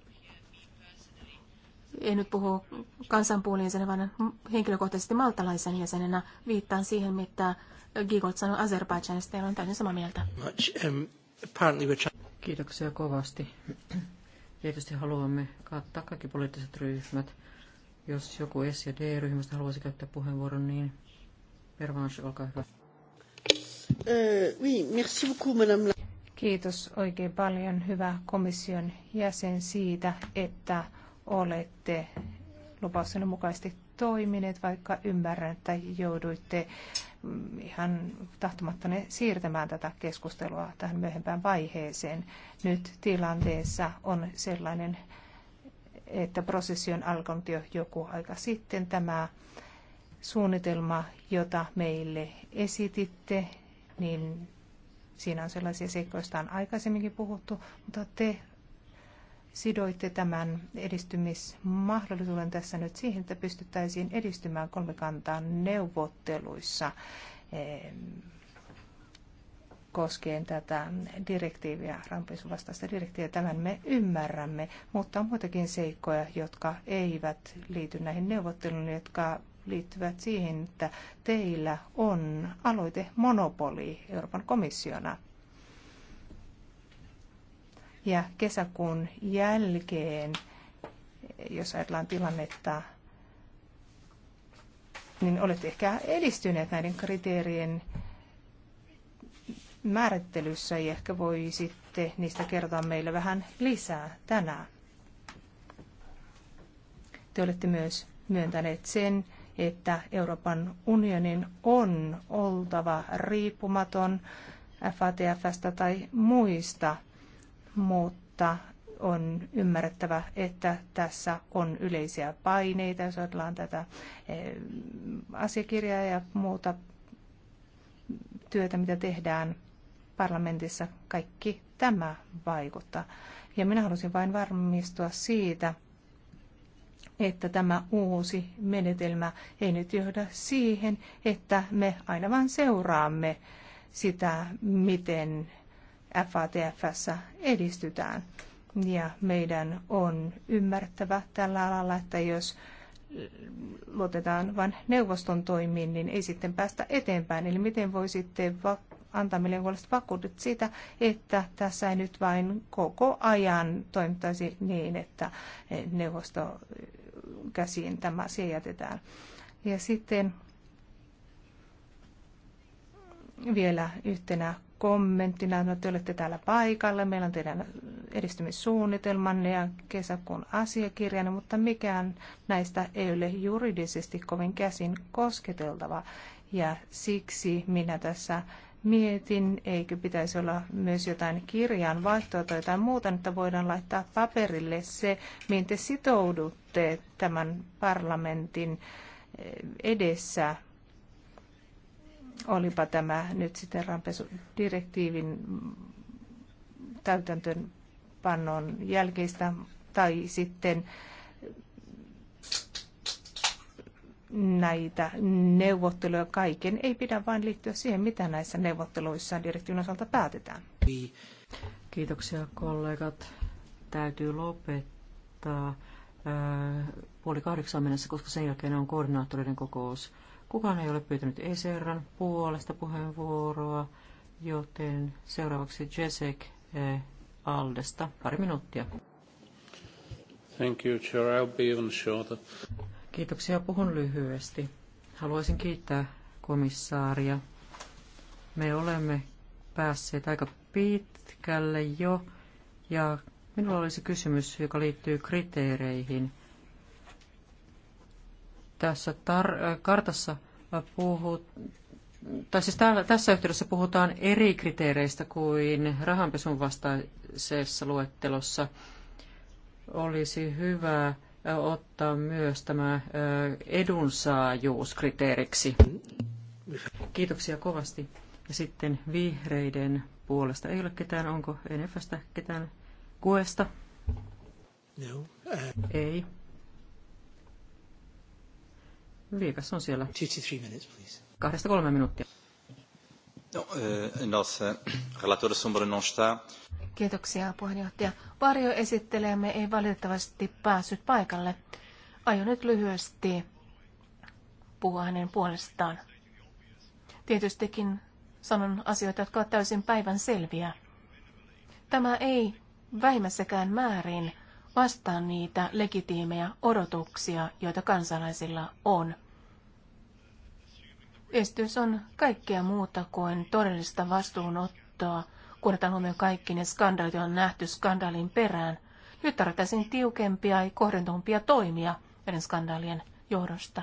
En nyt puhu kansanpuolien jäsenenä, vaan henkilökohtaisesti maltalaisen jäsenenä. Viittaan siihen, mitä Gigolt sanoi Azerbaidžanista, Teillä on täysin samaa mieltä. Um, Kiitoksia kovasti. Tietysti haluamme kattaa kaikki poliittiset ryhmät. Jos joku S- ja D-ryhmästä haluaisi käyttää puheenvuoron, niin Pervanche, olkaa hyvä. Uh, oui, merci beaucoup, madame Kiitos oikein paljon, hyvä komission jäsen, siitä, että olette lupauksenne mukaisesti toimineet, vaikka ymmärrän, että jouduitte mm, ihan tahtomattanne siirtämään tätä keskustelua tähän myöhempään vaiheeseen. Nyt tilanteessa on sellainen, että prosessi on alkanut jo joku aika sitten. Tämä suunnitelma, jota meille esititte, niin Siinä on sellaisia seikkoja, joista on aikaisemminkin puhuttu, mutta te sidoitte tämän edistymismahdollisuuden tässä nyt siihen, että pystyttäisiin edistymään kolmikantaan neuvotteluissa koskien tätä direktiiviä, rampisuvastaista direktiiviä. Tämän me ymmärrämme, mutta on muitakin seikkoja, jotka eivät liity näihin neuvotteluihin, jotka liittyvät siihen, että teillä on aloite monopoli Euroopan komissiona. Ja kesäkuun jälkeen, jos ajatellaan tilannetta, niin olette ehkä edistyneet näiden kriteerien määrittelyssä ja ehkä voi sitten niistä kertoa meille vähän lisää tänään. Te olette myös myöntäneet sen, että Euroopan unionin on oltava riippumaton FATFstä tai muista, mutta on ymmärrettävä, että tässä on yleisiä paineita, jos ajatellaan tätä eh, asiakirjaa ja muuta työtä, mitä tehdään parlamentissa. Kaikki tämä vaikuttaa. Ja minä halusin vain varmistua siitä, että tämä uusi menetelmä ei nyt johda siihen, että me aina vain seuraamme sitä, miten FATFssä edistytään. Ja meidän on ymmärtävä tällä alalla, että jos luotetaan vain neuvoston toimiin, niin ei sitten päästä eteenpäin. Eli miten voi sitten antaa meille huolesta vakuudet siitä, että tässä ei nyt vain koko ajan toimittaisi niin, että neuvosto käsiin tämä asia jätetään. Ja sitten vielä yhtenä kommenttina, että no, te olette täällä paikalla, meillä on teidän edistymissuunnitelmanne ja kesäkuun asiakirjanne, mutta mikään näistä ei ole juridisesti kovin käsin kosketeltava. Ja siksi minä tässä mietin, eikö pitäisi olla myös jotain kirjaan vaihtoa tai jotain muuta, että voidaan laittaa paperille se, mihin te sitoudutte tämän parlamentin eh, edessä. Olipa tämä nyt sitten rampesudirektiivin täytäntöönpannon jälkeistä tai sitten näitä neuvotteluja. Kaiken ei pidä vain liittyä siihen, mitä näissä neuvotteluissa direktiivin osalta päätetään. Kiitoksia kollegat. Täytyy lopettaa puoli kahdeksan mennessä, koska sen jälkeen on koordinaattoreiden kokous. Kukaan ei ole pyytänyt ECRn puolesta puheenvuoroa, joten seuraavaksi Jesek Aldesta pari minuuttia. Thank you, Chair. I'll be even shorter. Kiitoksia. Puhun lyhyesti. Haluaisin kiittää komissaaria. Me olemme päässeet aika pitkälle jo ja minulla olisi kysymys, joka liittyy kriteereihin. Tässä tar- äh, kartassa puhut, tai siis täällä, tässä yhteydessä puhutaan eri kriteereistä kuin rahanpesun vastaisessa luettelossa. Olisi hyvä ottaa myös tämä edunsaajuuskriteeriksi. Kiitoksia kovasti. Ja sitten vihreiden puolesta ei ole ketään. Onko NFstä ketään kuesta? No. Äh. Ei. Viikas on siellä. Two three minutes, please. Kahdesta kolme minuuttia. Nossa relatora Sombra Kiitoksia puheenjohtaja. ei valitettavasti päässyt paikalle. Aion nyt lyhyesti puhua hänen puolestaan. Tietystikin sanon asioita, jotka ovat täysin päivän selviä. Tämä ei vähimmässäkään määrin vastaa niitä legitiimejä odotuksia, joita kansalaisilla on. Esitys on kaikkea muuta kuin todellista vastuunottoa, kun otetaan huomioon kaikki ne skandaalit, on nähty skandaalin perään. Nyt tarvittaisiin tiukempia ja kohdentumpia toimia näiden skandaalien johdosta.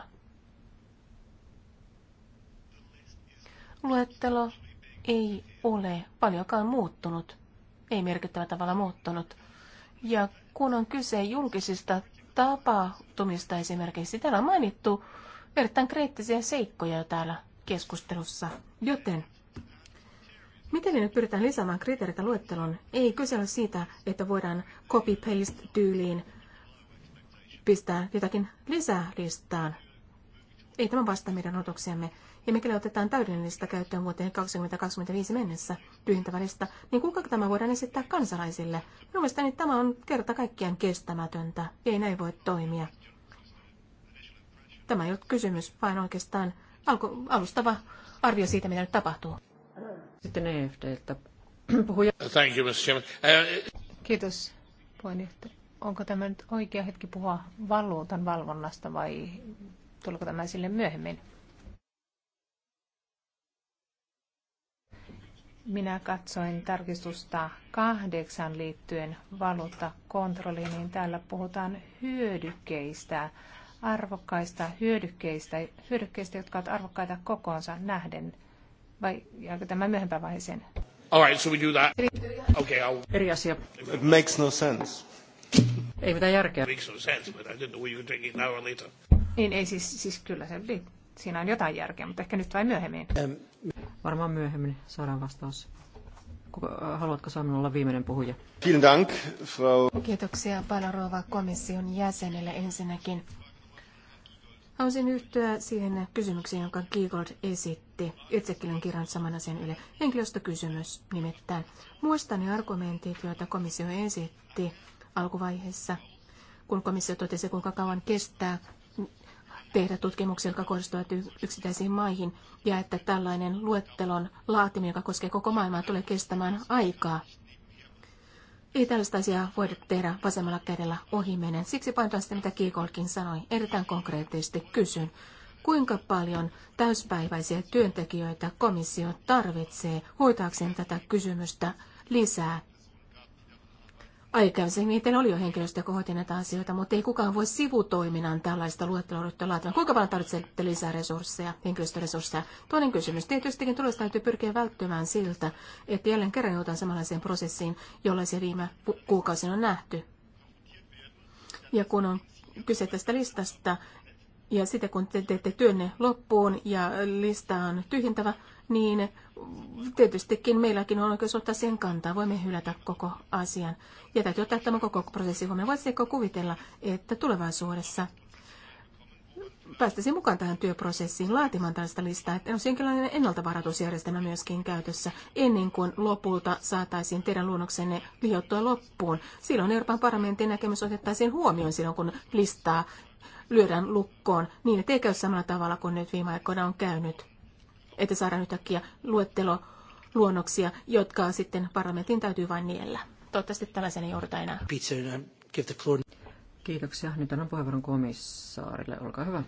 Luettelo ei ole paljonkaan muuttunut, ei merkittävällä tavalla muuttunut. Ja kun on kyse julkisista tapahtumista esimerkiksi, täällä on mainittu erittäin kriittisiä seikkoja täällä keskustelussa. Joten, miten nyt pyritään lisäämään kriteereitä luetteloon, ei kyse ole siitä, että voidaan copy-paste-tyyliin pistää jotakin lisää listaan. Ei tämä vastaa meidän odotuksiamme. Ja mikäli otetaan täydellistä käyttöön vuoteen 2025 mennessä tyhjentävälistä, niin kuinka tämä voidaan esittää kansalaisille? Mielestäni tämä on kerta kaikkiaan kestämätöntä. Ei näin voi toimia. Tämä ei ollut kysymys, vaan oikeastaan alku, alustava arvio siitä, mitä nyt tapahtuu. Sitten että puhuja. Thank you, Mr. Chairman. Uh, Kiitos, puheenjohtaja. Onko tämä nyt oikea hetki puhua valuutan valvonnasta vai tuleeko tämä sille myöhemmin? Minä katsoin tarkistusta kahdeksan liittyen valuuttakontrolliin, niin täällä puhutaan hyödykkeistä arvokkaista hyödykkeistä, hyödykkeistä, jotka ovat arvokkaita kokoonsa nähden? Vai jääkö tämä myöhempään vaiheeseen? All right, so we do that. Eri, okay, I'll... Eri asia. It makes no sense. Ei mitään järkeä. It makes no sense, but I didn't know you were drinking now or later. Niin, ei siis, siis kyllä se oli. Siinä on jotain järkeä, mutta ehkä nyt vai myöhemmin. Um, Varmaan myöhemmin saadaan vastaus. Äh, haluatko Samin olla viimeinen puhuja? Vielen Dank, Frau... Kiitoksia Palarova komission jäsenelle ensinnäkin. Haluaisin yhtyä siihen kysymykseen, jonka Kiikold esitti. Itsekin olen kirjannut saman asian yli. Henkilöstökysymys nimittäin. Muistan ne argumentit, joita komissio esitti alkuvaiheessa, kun komissio totesi, kuinka kauan kestää tehdä tutkimuksia, jotka kohdistuvat yksittäisiin maihin, ja että tällainen luettelon laatiminen, joka koskee koko maailmaa, tulee kestämään aikaa. Ei tällaista asiaa voida tehdä vasemmalla kädellä ohimenen. Siksi painotan sitä, mitä Kiikolkin sanoi. Erittäin konkreettisesti kysyn, kuinka paljon täyspäiväisiä työntekijöitä komissio tarvitsee hoitaakseen tätä kysymystä lisää Aikaisemmin teillä oli jo henkilöstöä, joka hoiti näitä asioita, mutta ei kukaan voi sivutoiminnan tällaista luettelua ryhtyä laatimaan. Kuinka paljon tarvitsette lisää resursseja, henkilöstöresursseja? Toinen kysymys. Tietystikin tulosta täytyy pyrkiä välttymään siltä, että jälleen kerran joudutaan samanlaiseen prosessiin, se viime kuukausina on nähty. Ja kun on kyse tästä listasta, ja sitten kun te teette työnne loppuun ja lista on tyhjentävä, niin tietystikin meilläkin on oikeus ottaa siihen kantaa. Voimme hylätä koko asian. Ja täytyy ottaa tämä koko prosessi huomioon. Voisitko kuvitella, että tulevaisuudessa päästäisiin mukaan tähän työprosessiin laatimaan tällaista listaa, että on jonkinlainen ennaltavaratusjärjestelmä myöskin käytössä, ennen kuin lopulta saataisiin teidän luonnoksenne lihottua loppuun. Silloin Euroopan parlamentin näkemys otettaisiin huomioon silloin, kun listaa lyödään lukkoon niin, ettei käy samalla tavalla kuin nyt viime aikoina on käynyt. Että saadaan yhtäkkiä luettelo luonnoksia, jotka sitten parlamentin täytyy vain niellä. Toivottavasti tällaisen ei jouduta enää. Peter, um, give the floor. Kiitoksia. Nyt annan puheenvuoron komissaarille. Olkaa hyvä.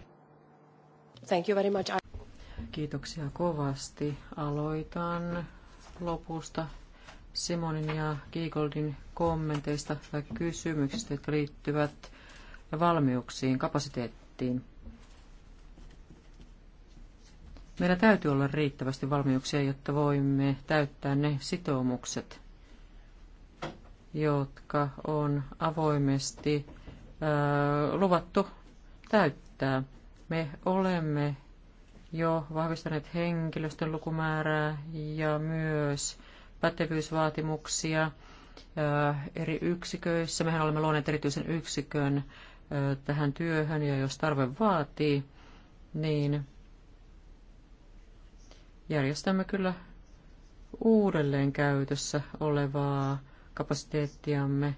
Thank you very much. Kiitoksia kovasti. Aloitan lopusta Simonin ja Giegoldin kommenteista tai kysymyksistä, jotka liittyvät valmiuksiin, kapasiteettiin. Meillä täytyy olla riittävästi valmiuksia, jotta voimme täyttää ne sitoumukset, jotka on avoimesti ö, luvattu täyttää. Me olemme jo vahvistaneet henkilöstön lukumäärää ja myös pätevyysvaatimuksia eri yksiköissä. Mehän olemme luoneet erityisen yksikön tähän työhön ja jos tarve vaatii, niin järjestämme kyllä uudelleen käytössä olevaa kapasiteettiamme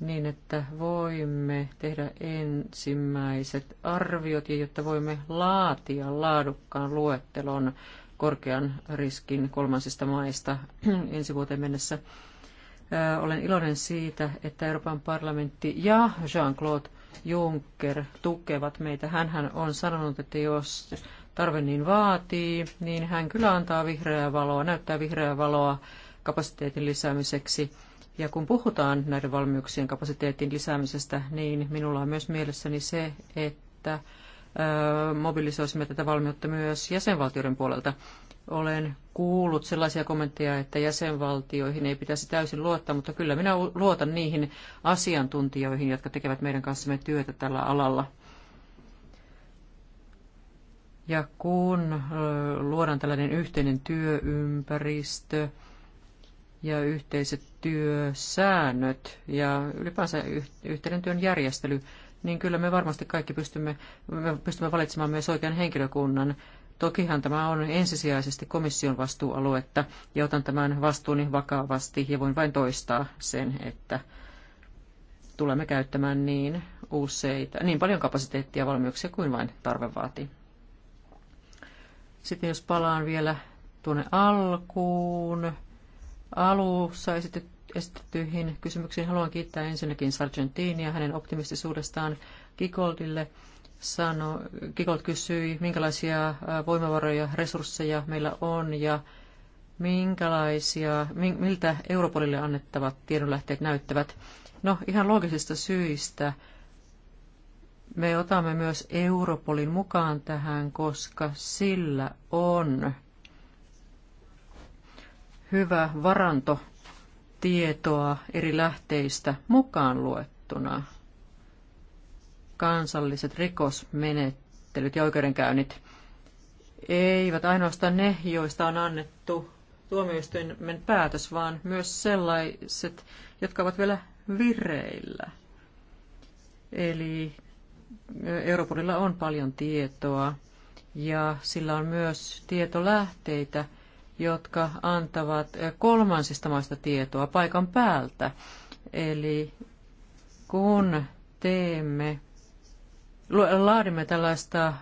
niin, että voimme tehdä ensimmäiset arviot ja jotta voimme laatia laadukkaan luettelon korkean riskin kolmansista maista ensi vuoteen mennessä. Olen iloinen siitä, että Euroopan parlamentti ja Jean-Claude Juncker tukevat meitä. Hän on sanonut, että jos tarve niin vaatii, niin hän kyllä antaa vihreää valoa, näyttää vihreää valoa kapasiteetin lisäämiseksi. Ja kun puhutaan näiden valmiuksien kapasiteetin lisäämisestä, niin minulla on myös mielessäni se, että mobilisoisimme tätä valmiutta myös jäsenvaltioiden puolelta. Olen kuullut sellaisia kommentteja, että jäsenvaltioihin ei pitäisi täysin luottaa, mutta kyllä minä luotan niihin asiantuntijoihin, jotka tekevät meidän kanssamme työtä tällä alalla. Ja kun luodaan tällainen yhteinen työympäristö ja yhteiset työsäännöt ja ylipäänsä yhteinen työn järjestely, niin kyllä me varmasti kaikki pystymme, me pystymme valitsemaan myös oikean henkilökunnan. Tokihan tämä on ensisijaisesti komission vastuualuetta ja otan tämän vastuuni vakavasti ja voin vain toistaa sen, että tulemme käyttämään niin useita, niin paljon kapasiteettia ja valmiuksia kuin vain tarve vaatii. Sitten jos palaan vielä tuonne alkuun, alussa esitetty esitettyihin kysymyksiin. Haluan kiittää ensinnäkin ja hänen optimistisuudestaan Kikoldille. Sano, Kikold kysyi, minkälaisia voimavaroja, resursseja meillä on ja minkälaisia, miltä Europolille annettavat tiedonlähteet näyttävät. No ihan loogisista syistä me otamme myös Europolin mukaan tähän, koska sillä on hyvä varanto tietoa eri lähteistä mukaan luettuna kansalliset rikosmenettelyt ja oikeudenkäynnit eivät ainoastaan ne, joista on annettu tuomioistuimen päätös, vaan myös sellaiset, jotka ovat vielä vireillä. Eli Europolilla on paljon tietoa ja sillä on myös tietolähteitä – jotka antavat eh, kolmansista maista tietoa paikan päältä. Eli kun teemme, laadimme tällaista eh,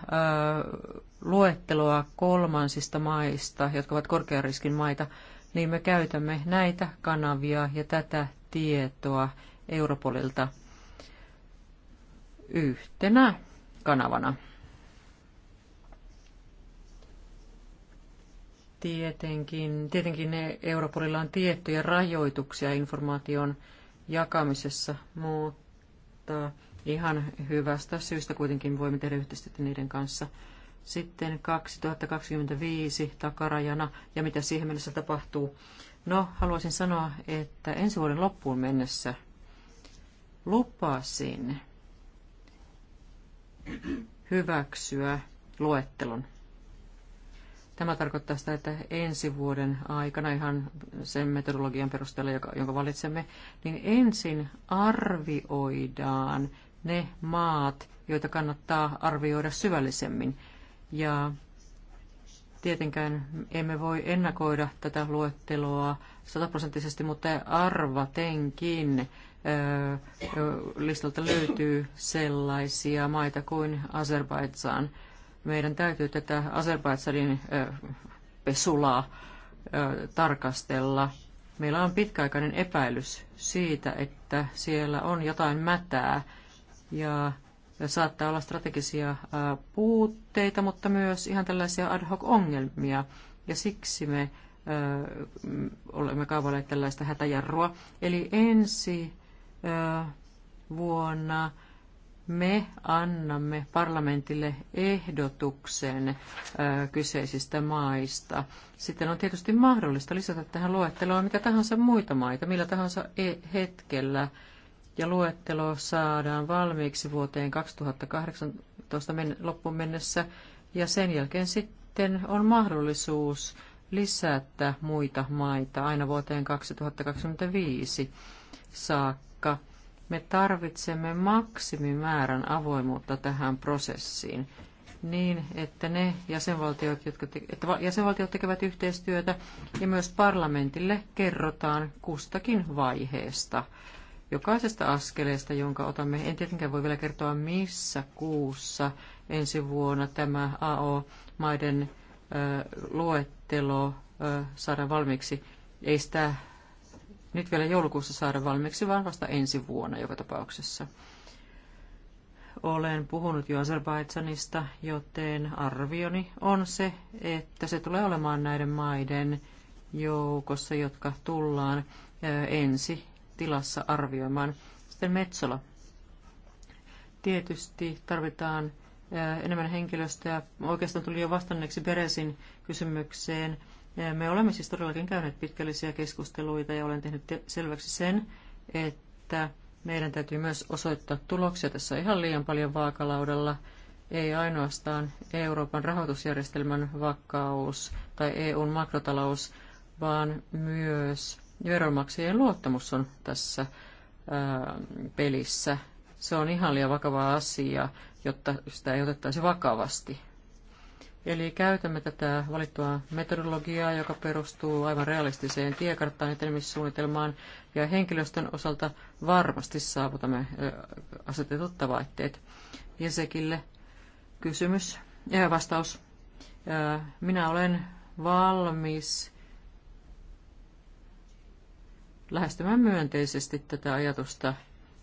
luetteloa kolmansista maista, jotka ovat korkean riskin maita, niin me käytämme näitä kanavia ja tätä tietoa Europolilta yhtenä kanavana. Tietenkin, tietenkin ne Europolilla on tiettyjä rajoituksia informaation jakamisessa, mutta ihan hyvästä syystä kuitenkin voimme tehdä yhteistyötä niiden kanssa. Sitten 2025 takarajana ja mitä siihen mennessä tapahtuu. No, haluaisin sanoa, että ensi vuoden loppuun mennessä lupasin hyväksyä luettelon Tämä tarkoittaa sitä, että ensi vuoden aikana ihan sen metodologian perusteella, joka, jonka valitsemme, niin ensin arvioidaan ne maat, joita kannattaa arvioida syvällisemmin. Ja tietenkään emme voi ennakoida tätä luetteloa sataprosenttisesti, mutta arvatenkin listalta löytyy sellaisia maita kuin Azerbaidsaan. Meidän täytyy tätä Azerbaidsanin pesulaa tarkastella. Meillä on pitkäaikainen epäilys siitä, että siellä on jotain mätää ja saattaa olla strategisia puutteita, mutta myös ihan tällaisia ad hoc ongelmia. Ja siksi me olemme kaavalleet tällaista hätäjarrua. Eli ensi vuonna me annamme parlamentille ehdotuksen kyseisistä maista. Sitten on tietysti mahdollista lisätä tähän luetteloon mitä tahansa muita maita, millä tahansa e- hetkellä. Ja luettelo saadaan valmiiksi vuoteen 2018 men- loppuun mennessä. Ja sen jälkeen sitten on mahdollisuus lisätä muita maita aina vuoteen 2025 saakka me tarvitsemme maksimimäärän avoimuutta tähän prosessiin niin, että ne jäsenvaltiot, jotka te, että jäsenvaltiot tekevät yhteistyötä ja myös parlamentille kerrotaan kustakin vaiheesta, jokaisesta askeleesta, jonka otamme. En tietenkään voi vielä kertoa, missä kuussa ensi vuonna tämä AO-maiden luettelo saadaan valmiiksi. Ei sitä nyt vielä joulukuussa saada valmiiksi, vaan vasta ensi vuonna joka tapauksessa. Olen puhunut jo Azerbaidsanista, joten arvioni on se, että se tulee olemaan näiden maiden joukossa, jotka tullaan ensi tilassa arvioimaan. Sitten Metsola. Tietysti tarvitaan enemmän henkilöstöä. Oikeastaan tuli jo vastanneeksi Beresin kysymykseen me olemme siis todellakin käyneet pitkällisiä keskusteluita ja olen tehnyt selväksi sen, että meidän täytyy myös osoittaa tuloksia. Tässä on ihan liian paljon vaakalaudalla. Ei ainoastaan Euroopan rahoitusjärjestelmän vakaus tai EUn makrotalous, vaan myös veronmaksajien luottamus on tässä ää, pelissä. Se on ihan liian vakava asia, jotta sitä ei otettaisi vakavasti. Eli käytämme tätä valittua metodologiaa, joka perustuu aivan realistiseen tiekarttaan etenemissuunnitelmaan, ja henkilöstön osalta varmasti saavutamme asetetut tavoitteet. Jesekille kysymys ja vastaus. Minä olen valmis lähestymään myönteisesti tätä ajatusta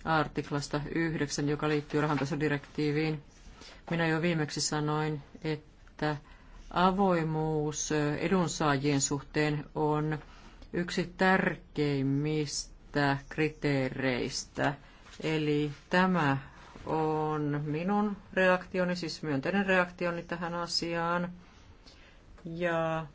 artiklasta 9, joka liittyy rahanpesudirektiiviin. Minä jo viimeksi sanoin, että että avoimuus edunsaajien suhteen on yksi tärkeimmistä kriteereistä. Eli tämä on minun reaktioni, siis myönteinen reaktioni tähän asiaan. Ja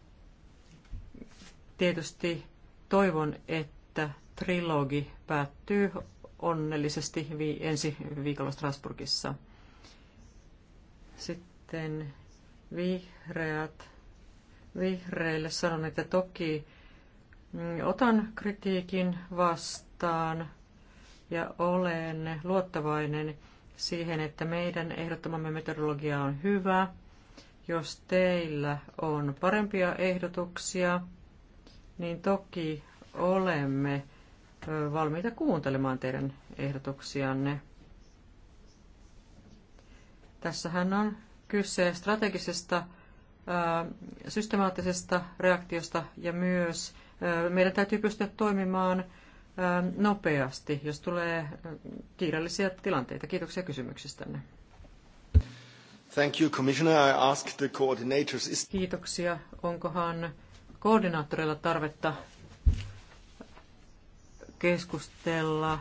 tietysti toivon, että trilogi päättyy onnellisesti ensi viikolla Strasburgissa. Sitten vihreät, vihreille sanon, että toki mm, otan kritiikin vastaan ja olen luottavainen siihen, että meidän ehdottamamme metodologia on hyvä. Jos teillä on parempia ehdotuksia, niin toki olemme valmiita kuuntelemaan teidän ehdotuksianne. Tässähän on kyse strategisesta systemaattisesta reaktiosta ja myös meidän täytyy pystyä toimimaan nopeasti, jos tulee kiireellisiä tilanteita. Kiitoksia kysymyksistänne. Thank you, Commissioner. I ask the coordinators. Kiitoksia. Onkohan koordinaattoreilla tarvetta keskustella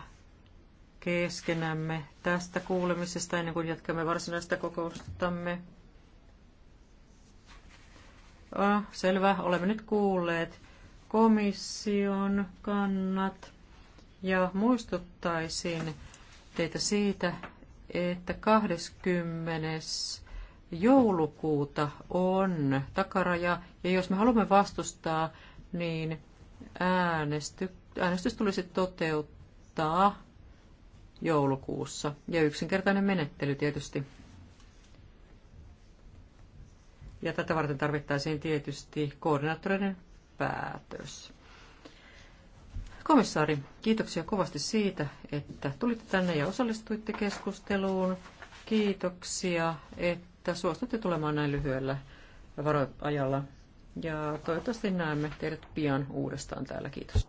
keskenämme tästä kuulemisesta ennen kuin jatkamme varsinaista kokoustamme. Ah, selvä, olemme nyt kuulleet komission kannat ja muistuttaisin teitä siitä, että 20. joulukuuta on takaraja ja jos me haluamme vastustaa, niin äänesty, äänestys tulisi toteuttaa joulukuussa. Ja yksinkertainen menettely tietysti. Ja tätä varten tarvittaisiin tietysti koordinaattoreiden päätös. Komissaari, kiitoksia kovasti siitä, että tulitte tänne ja osallistuitte keskusteluun. Kiitoksia, että suostutte tulemaan näin lyhyellä varoajalla. Ja toivottavasti näemme teidät pian uudestaan täällä. Kiitos.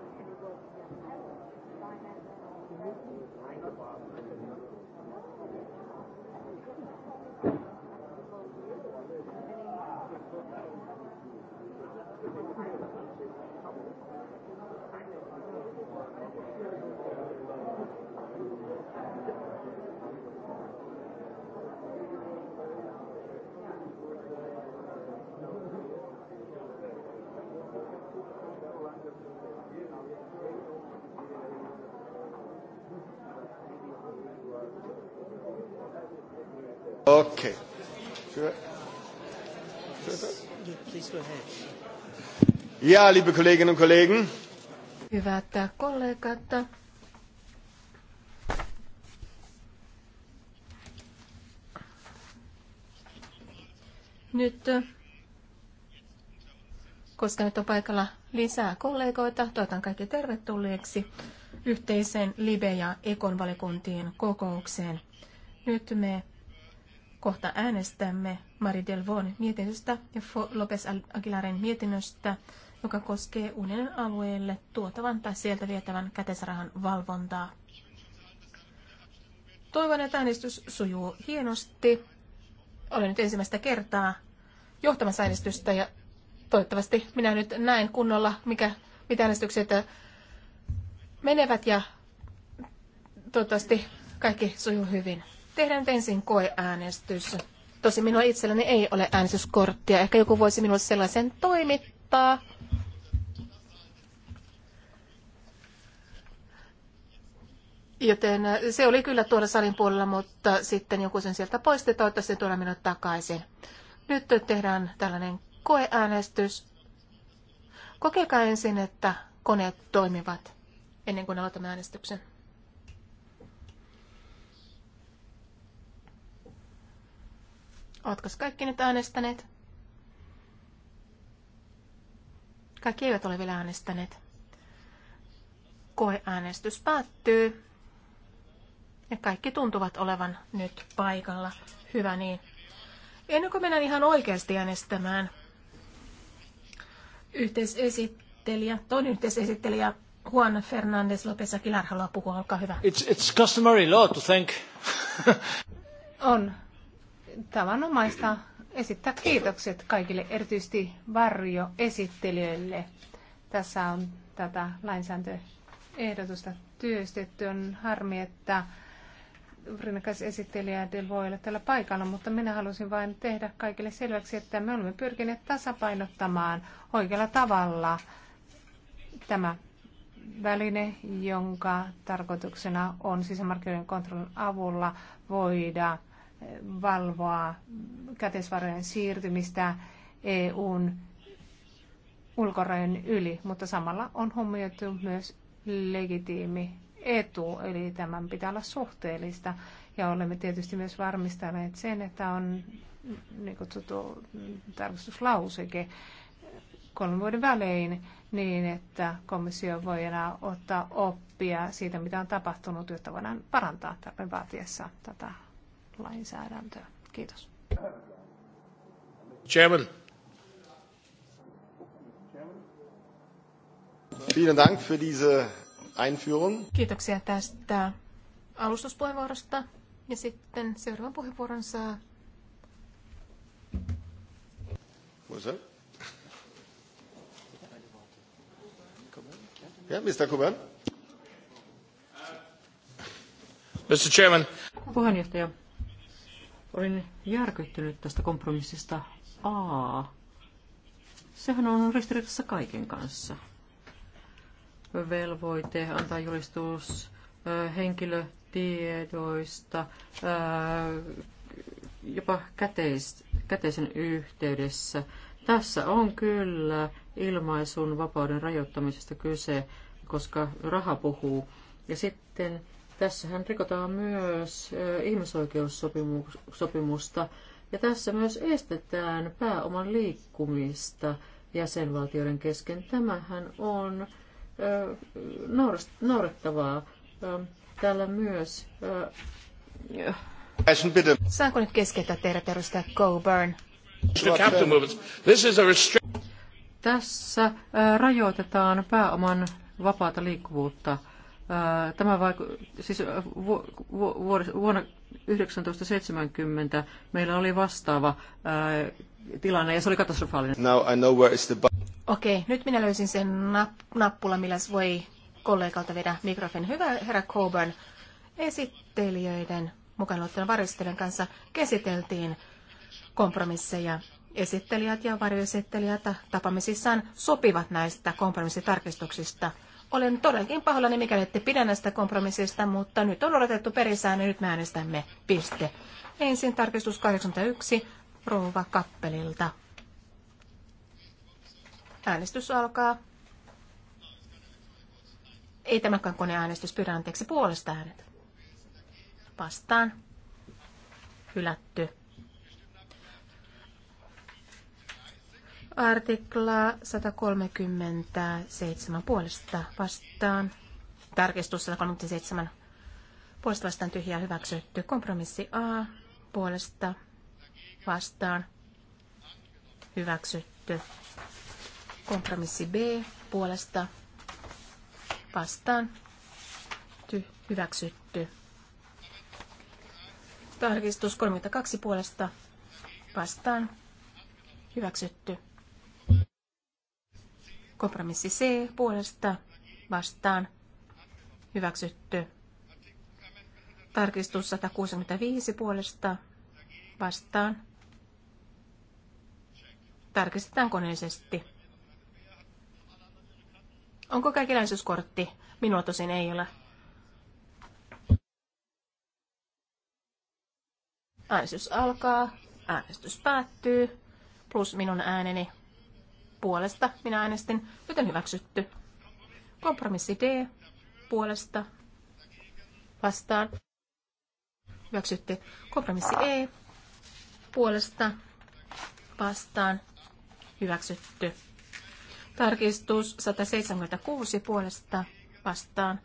Okay. Ja, liebe Kolleginnen und Kollegen. Hyvät kollegat. Nyt, koska nyt on paikalla lisää kollegoita, toivotan kaikki tervetulleeksi yhteiseen Libe- ja Ekon valikuntien kokoukseen. Nyt me Kohta äänestämme Mari Delvon mietinnöstä ja Lopes Aguilarin mietinnöstä, joka koskee unionin alueelle tuotavan tai sieltä vietävän käteisrahan valvontaa. Toivon, että äänestys sujuu hienosti. Olen nyt ensimmäistä kertaa johtamassa äänestystä ja toivottavasti minä nyt näen kunnolla, mikä, mitä äänestykset menevät ja toivottavasti kaikki sujuu hyvin. Tehdään nyt ensin koeäänestys. Tosi minulla itselläni ei ole äänestyskorttia. Ehkä joku voisi minulle sellaisen toimittaa. Joten äh, se oli kyllä tuolla salin puolella, mutta sitten joku sen sieltä poistetaan toivottavasti tuolla minut takaisin. Nyt tehdään tällainen koeäänestys. Kokeilkaa ensin, että koneet toimivat ennen kuin aloitamme äänestyksen. Oletko kaikki nyt äänestäneet? Kaikki eivät ole vielä äänestäneet. Koeäänestys päättyy. Ja kaikki tuntuvat olevan nyt paikalla. Hyvä niin. Ennen kuin mennään ihan oikeasti äänestämään, yhteisesittelijä, toinen yhteisesittelijä Juan Fernandez Lopez Aguilar haluaa puhua. Olkaa hyvä. It's, it's customary law to thank. On tavanomaista esittää kiitokset kaikille, erityisesti varjoesittelijöille. Tässä on tätä lainsääntöehdotusta työstetty. On harmi, että rinnakas esittelijä Del voi olla täällä paikalla, mutta minä halusin vain tehdä kaikille selväksi, että me olemme pyrkineet tasapainottamaan oikealla tavalla tämä väline, jonka tarkoituksena on sisämarkkinoiden kontrollin avulla voida valvoa käteisvarojen siirtymistä EUn ulkorajojen yli, mutta samalla on huomioitu myös legitiimi etu, eli tämän pitää olla suhteellista. Ja olemme tietysti myös varmistaneet sen, että on niin kutsuttu tarkastuslauseke kolmen vuoden välein, niin että komissio voi enää ottaa oppia siitä, mitä on tapahtunut, jotta voidaan parantaa tarpeen vaatiessa tätä lainsäädäntöä. Kiitos. Chairman. Vielen Dank für diese Einführung. Kiitoksia tästä alustuspuheenvuorosta. Ja sitten seuraavan puheenvuoron saa... Voisi Yeah, Mr. Kuban. Mr. Chairman. Puheenjohtaja, Olin järkyttynyt tästä kompromissista A. Sehän on ristiriidassa kaiken kanssa. Velvoite antaa julistus henkilötiedoista, jopa käteis, käteisen yhteydessä. Tässä on kyllä ilmaisun vapauden rajoittamisesta kyse, koska raha puhuu. Ja sitten Tässähän rikotaan myös ihmisoikeussopimusta ja tässä myös estetään pääoman liikkumista jäsenvaltioiden kesken. Tämähän on noudattavaa. Täällä myös... Saanko nyt keskeyttää teidät, edustaja Coburn? Tässä rajoitetaan pääoman vapaata liikkuvuutta – Tämä vaiku- siis vu- vu- vuonna 1970 meillä oli vastaava tilanne ja se oli katastrofaalinen. Now I know where is the Okei, okay, nyt minä löysin sen nap- nappula, millä voi kollegalta vedä mikrofonin. Hyvä herra Coburn, esittelijöiden mukana ottaen varjostelijan kanssa käsiteltiin kompromisseja. Esittelijät ja varjoesittelijät tapamisissaan sopivat näistä kompromissitarkistuksista – olen todellakin pahoillani, mikäli ette pidä näistä kompromissista, mutta nyt on odotettu perisäännö, nyt me äänestämme piste. Ensin tarkistus 81 Rouva Kappelilta. Äänestys alkaa. Ei tämäkään koneäänestys, pyydä anteeksi puolesta äänet. Vastaan. Hylätty. Artikla 137 puolesta vastaan. Tarkistus 137 puolesta vastaan tyhjää hyväksytty. Kompromissi A puolesta vastaan hyväksytty. Kompromissi B puolesta vastaan ty- hyväksytty. Tarkistus 32 puolesta vastaan hyväksytty. Kompromissi C puolesta vastaan hyväksytty. Tarkistus 165 puolesta vastaan. Tarkistetaan koneellisesti. Onko kaikilla äänestyskortti? tosin ei ole. Äänestys alkaa, äänestys päättyy, plus minun ääneni puolesta minä äänestin, joten hyväksytty. Kompromissi D puolesta vastaan. Hyväksytty. Kompromissi E puolesta vastaan. Hyväksytty. Tarkistus 176 puolesta vastaan.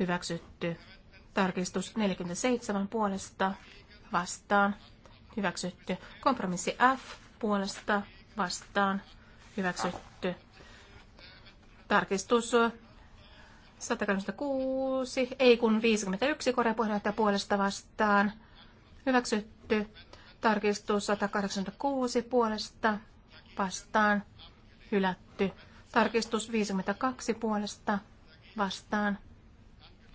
Hyväksytty. Tarkistus 47 puolesta vastaan. Hyväksytty. Kompromissi F puolesta vastaan hyväksytty. Tarkistus 186, ei kun 51 puheenjohtaja puolesta vastaan hyväksytty. Tarkistus 186 puolesta vastaan hylätty. Tarkistus 52 puolesta vastaan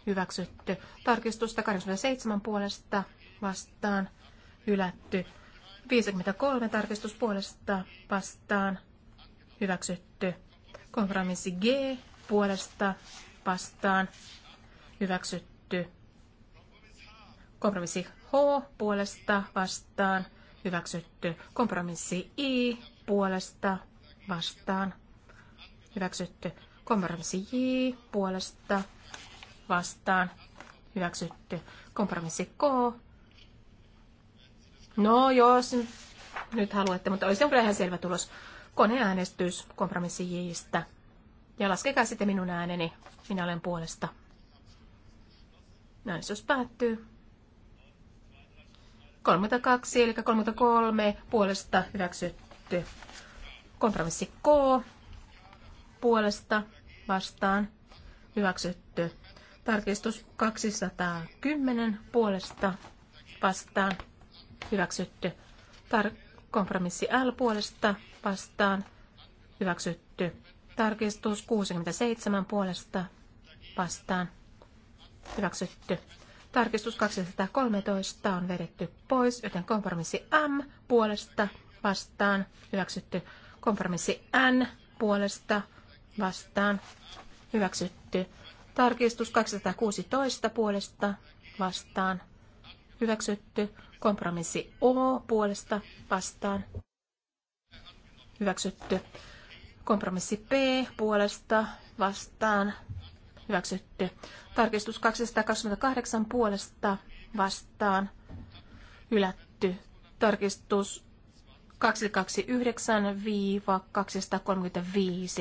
hyväksytty. Tarkistus 187 puolesta vastaan hylätty. 53 tarkistus puolesta vastaan hyväksytty. Kompromissi G puolesta vastaan hyväksytty. Kompromissi H puolesta vastaan hyväksytty. Kompromissi I puolesta vastaan hyväksytty. Kompromissi J puolesta vastaan hyväksytty. Kompromissi K No jos nyt haluatte, mutta olisi kyllä ihan selvä tulos. Koneäänestys kompromissijistä. Ja laskekaa sitten minun ääneni. Minä olen puolesta. Äänestys päättyy. 32, eli 33 puolesta hyväksytty. Kompromissi K puolesta vastaan hyväksytty. Tarkistus 210 puolesta vastaan hyväksytty. Tar- kompromissi L puolesta vastaan hyväksytty. Tarkistus 67 puolesta vastaan hyväksytty. Tarkistus 213 on vedetty pois, joten kompromissi M puolesta vastaan hyväksytty. Kompromissi N puolesta vastaan hyväksytty. Tarkistus 216 puolesta vastaan hyväksytty. Kompromissi O puolesta vastaan. Hyväksytty. Kompromissi P puolesta vastaan. Hyväksytty. Tarkistus 228 puolesta vastaan. Hylätty. Tarkistus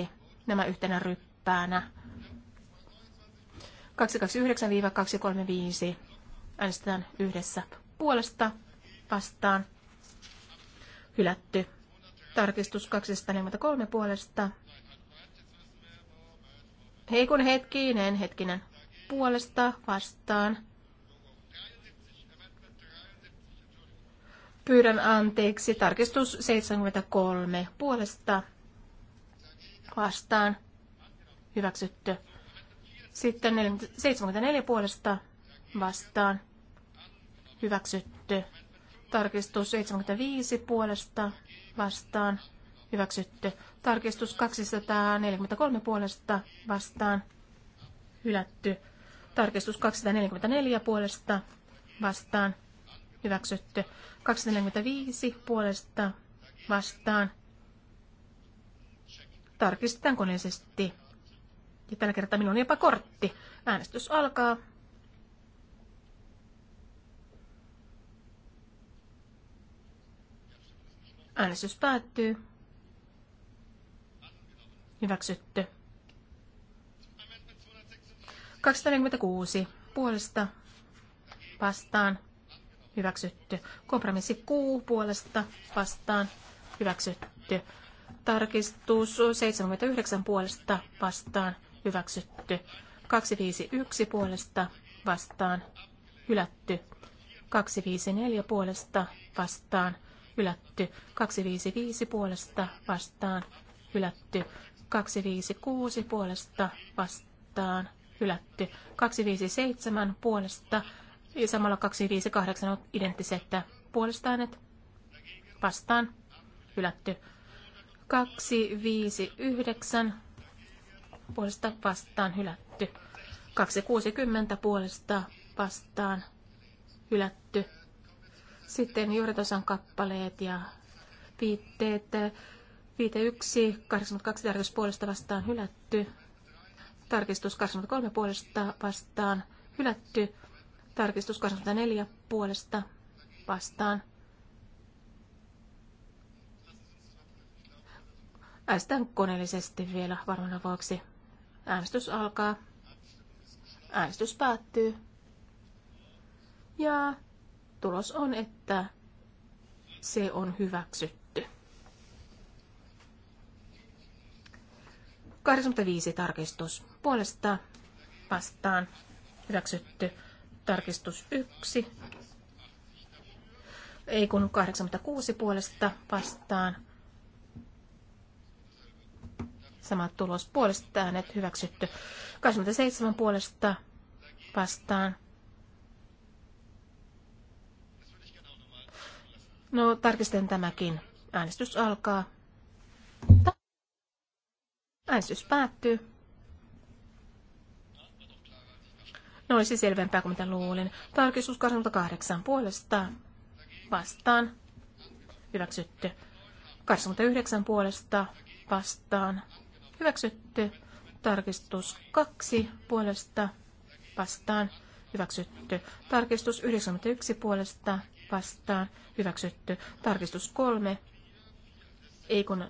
229-235. Nämä yhtenä ryppäänä. 229-235 äänestetään yhdessä puolesta vastaan hylätty. Tarkistus 243 puolesta. Hei kun hetkinen, hetkinen. Puolesta vastaan. Pyydän anteeksi. Tarkistus 73 puolesta vastaan. Hyväksytty. Sitten 74 puolesta vastaan hyväksytty. Tarkistus 75 puolesta vastaan hyväksytty. Tarkistus 243 puolesta vastaan hylätty. Tarkistus 244 puolesta vastaan hyväksytty. 245 puolesta vastaan tarkistetaan koneellisesti. Ja tällä kertaa minulla on jopa kortti. Äänestys alkaa. Äänestys päättyy. Hyväksytty. 246 puolesta vastaan hyväksytty. Kompromissi Q puolesta vastaan hyväksytty. Tarkistus 79 puolesta vastaan hyväksytty. 251 puolesta vastaan hylätty. 254 puolesta vastaan hylätty. 255 puolesta vastaan hylätty. 256 puolesta vastaan hylätty. 257 puolesta ja samalla 258 on identtiset puolesta äänet vastaan hylätty. 259 puolesta vastaan hylätty. 260 puolesta vastaan hylätty. Sitten juuritosan kappaleet ja viitteet. Viite 1, 82 tarkistus puolesta vastaan hylätty. Tarkistus 83 puolesta vastaan hylätty. Tarkistus 84 puolesta vastaan. Äänestän koneellisesti vielä varmana vuoksi. Äänestys alkaa. Äänestys päättyy. Ja tulos on, että se on hyväksytty. 85 tarkistus puolesta vastaan hyväksytty tarkistus 1. Ei kun 86 puolesta vastaan. Sama tulos puolesta äänet hyväksytty. 87 puolesta vastaan No, tarkistan tämäkin. Äänestys alkaa. Äänestys päättyy. No olisi selvempää kuin mitä luulin. Tarkistus 28 puolesta. Vastaan. Hyväksytty. 89 puolesta. Vastaan. Hyväksytty. Tarkistus 2 puolesta. Vastaan. Hyväksytty. Tarkistus 91 puolesta vastaan hyväksytty. Tarkistus 3, ei kun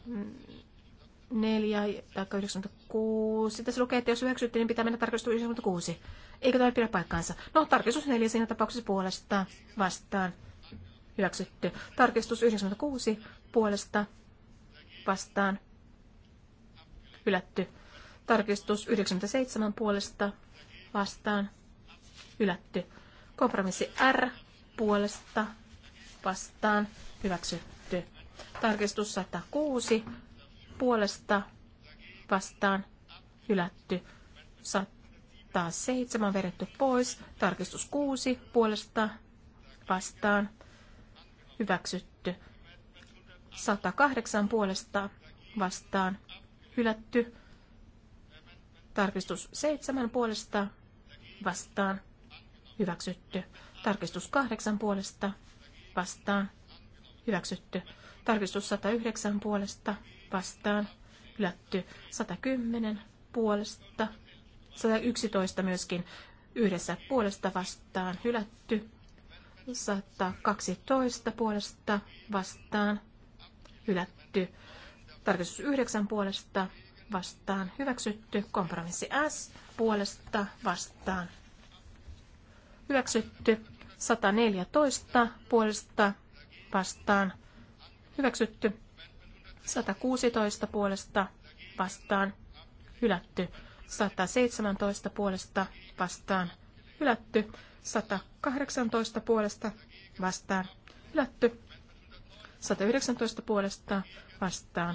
4 tai 96. Tässä lukee, että jos hyväksytty, niin pitää mennä tarkistus 96. Eikö tämä pidä paikkaansa? No, tarkistus 4 siinä tapauksessa puolesta vastaan hyväksytty. Tarkistus 96 puolesta vastaan hylätty. Tarkistus 97 puolesta vastaan hylätty. Kompromissi R puolesta vastaan hyväksytty. Tarkistus 106 puolesta vastaan hylätty. 107 vedetty pois. Tarkistus 6 puolesta vastaan hyväksytty. 108 puolesta vastaan hylätty. Tarkistus 7 puolesta vastaan hyväksytty. Tarkistus kahdeksan puolesta vastaan hyväksytty. Tarkistus 109 puolesta vastaan hylätty. 110 puolesta, 111 myöskin yhdessä puolesta vastaan hylätty. 112 puolesta vastaan hylätty. Tarkistus 9 puolesta vastaan hyväksytty. Kompromissi S puolesta vastaan Hyväksytty 114 puolesta vastaan. Hyväksytty 116 puolesta vastaan. Hylätty 117 puolesta vastaan. Hylätty 118 puolesta vastaan. Hylätty 119 puolesta vastaan.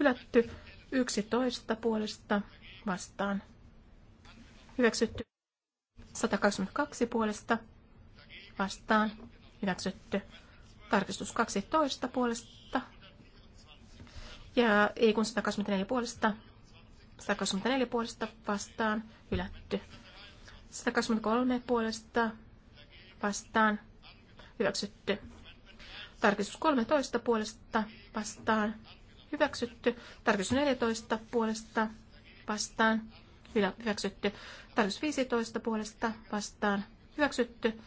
Hylätty 11 puolesta vastaan. Hyväksytty 122 puolesta vastaan hyväksytty. Tarkistus 12 puolesta ja ei kun 124 puolesta, 124 puolesta vastaan hylätty. 123 puolesta vastaan hyväksytty. Tarkistus 13 puolesta vastaan hyväksytty. Tarkistus 14 puolesta vastaan hyväksytty. Tarkistus 15 puolesta vastaan hyväksytty.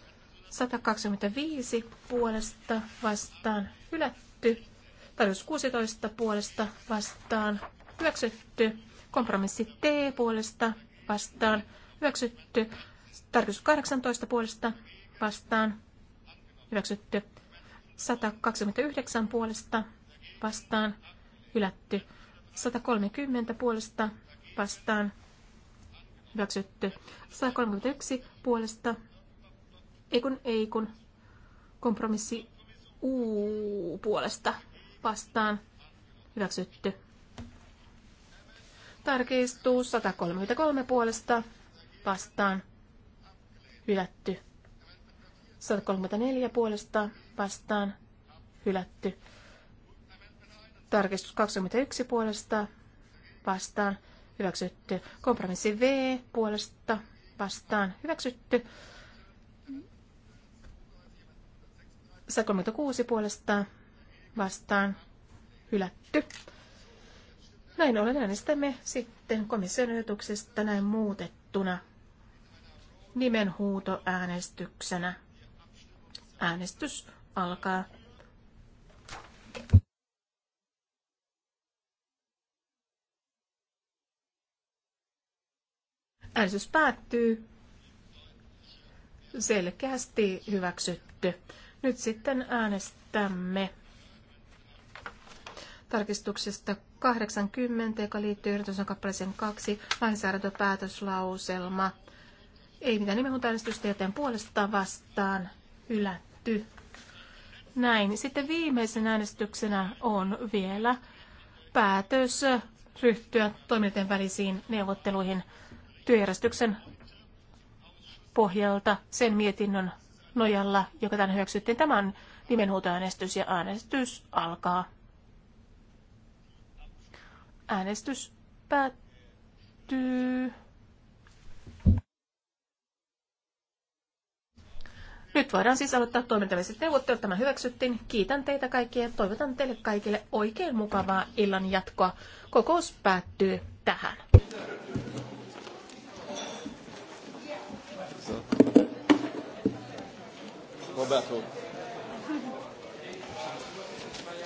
125 puolesta vastaan hylätty. Tarjous 16 puolesta vastaan hyväksytty. Kompromissi T puolesta vastaan hyväksytty. Tarkoitus 18 puolesta vastaan hyväksytty. 129 puolesta vastaan hylätty. 130 puolesta vastaan hyväksytty. 131 puolesta, ei kun, ei kun, kompromissi U puolesta vastaan hyväksytty. Tarkistus 133 puolesta vastaan hylätty. 134 puolesta vastaan hylätty. Tarkistus 21 puolesta vastaan hyväksytty. Kompromissi V puolesta vastaan hyväksytty. 136 puolesta vastaan hylätty. Näin ollen äänestämme sitten komission ehdotuksesta näin muutettuna äänestyksenä. Äänestys alkaa. Äänestys päättyy. Selkeästi hyväksytty. Nyt sitten äänestämme tarkistuksesta 80, joka liittyy yrityksen kappaleeseen 2, lainsäädäntöpäätöslauselma. Ei mitään äänestystä, joten puolesta vastaan hylätty. Näin. Sitten viimeisen äänestyksenä on vielä päätös ryhtyä toimintojen välisiin neuvotteluihin työjärjestyksen pohjalta sen mietinnön nojalla, joka tämän hyväksyttiin. Tämä on nimenhuutoäänestys ja äänestys alkaa. Äänestys päättyy. Nyt voidaan siis aloittaa toimintaväliset neuvottelut. Tämä hyväksyttiin. Kiitän teitä kaikkia ja toivotan teille kaikille oikein mukavaa illan jatkoa. Kokous päättyy tähän. Roberto.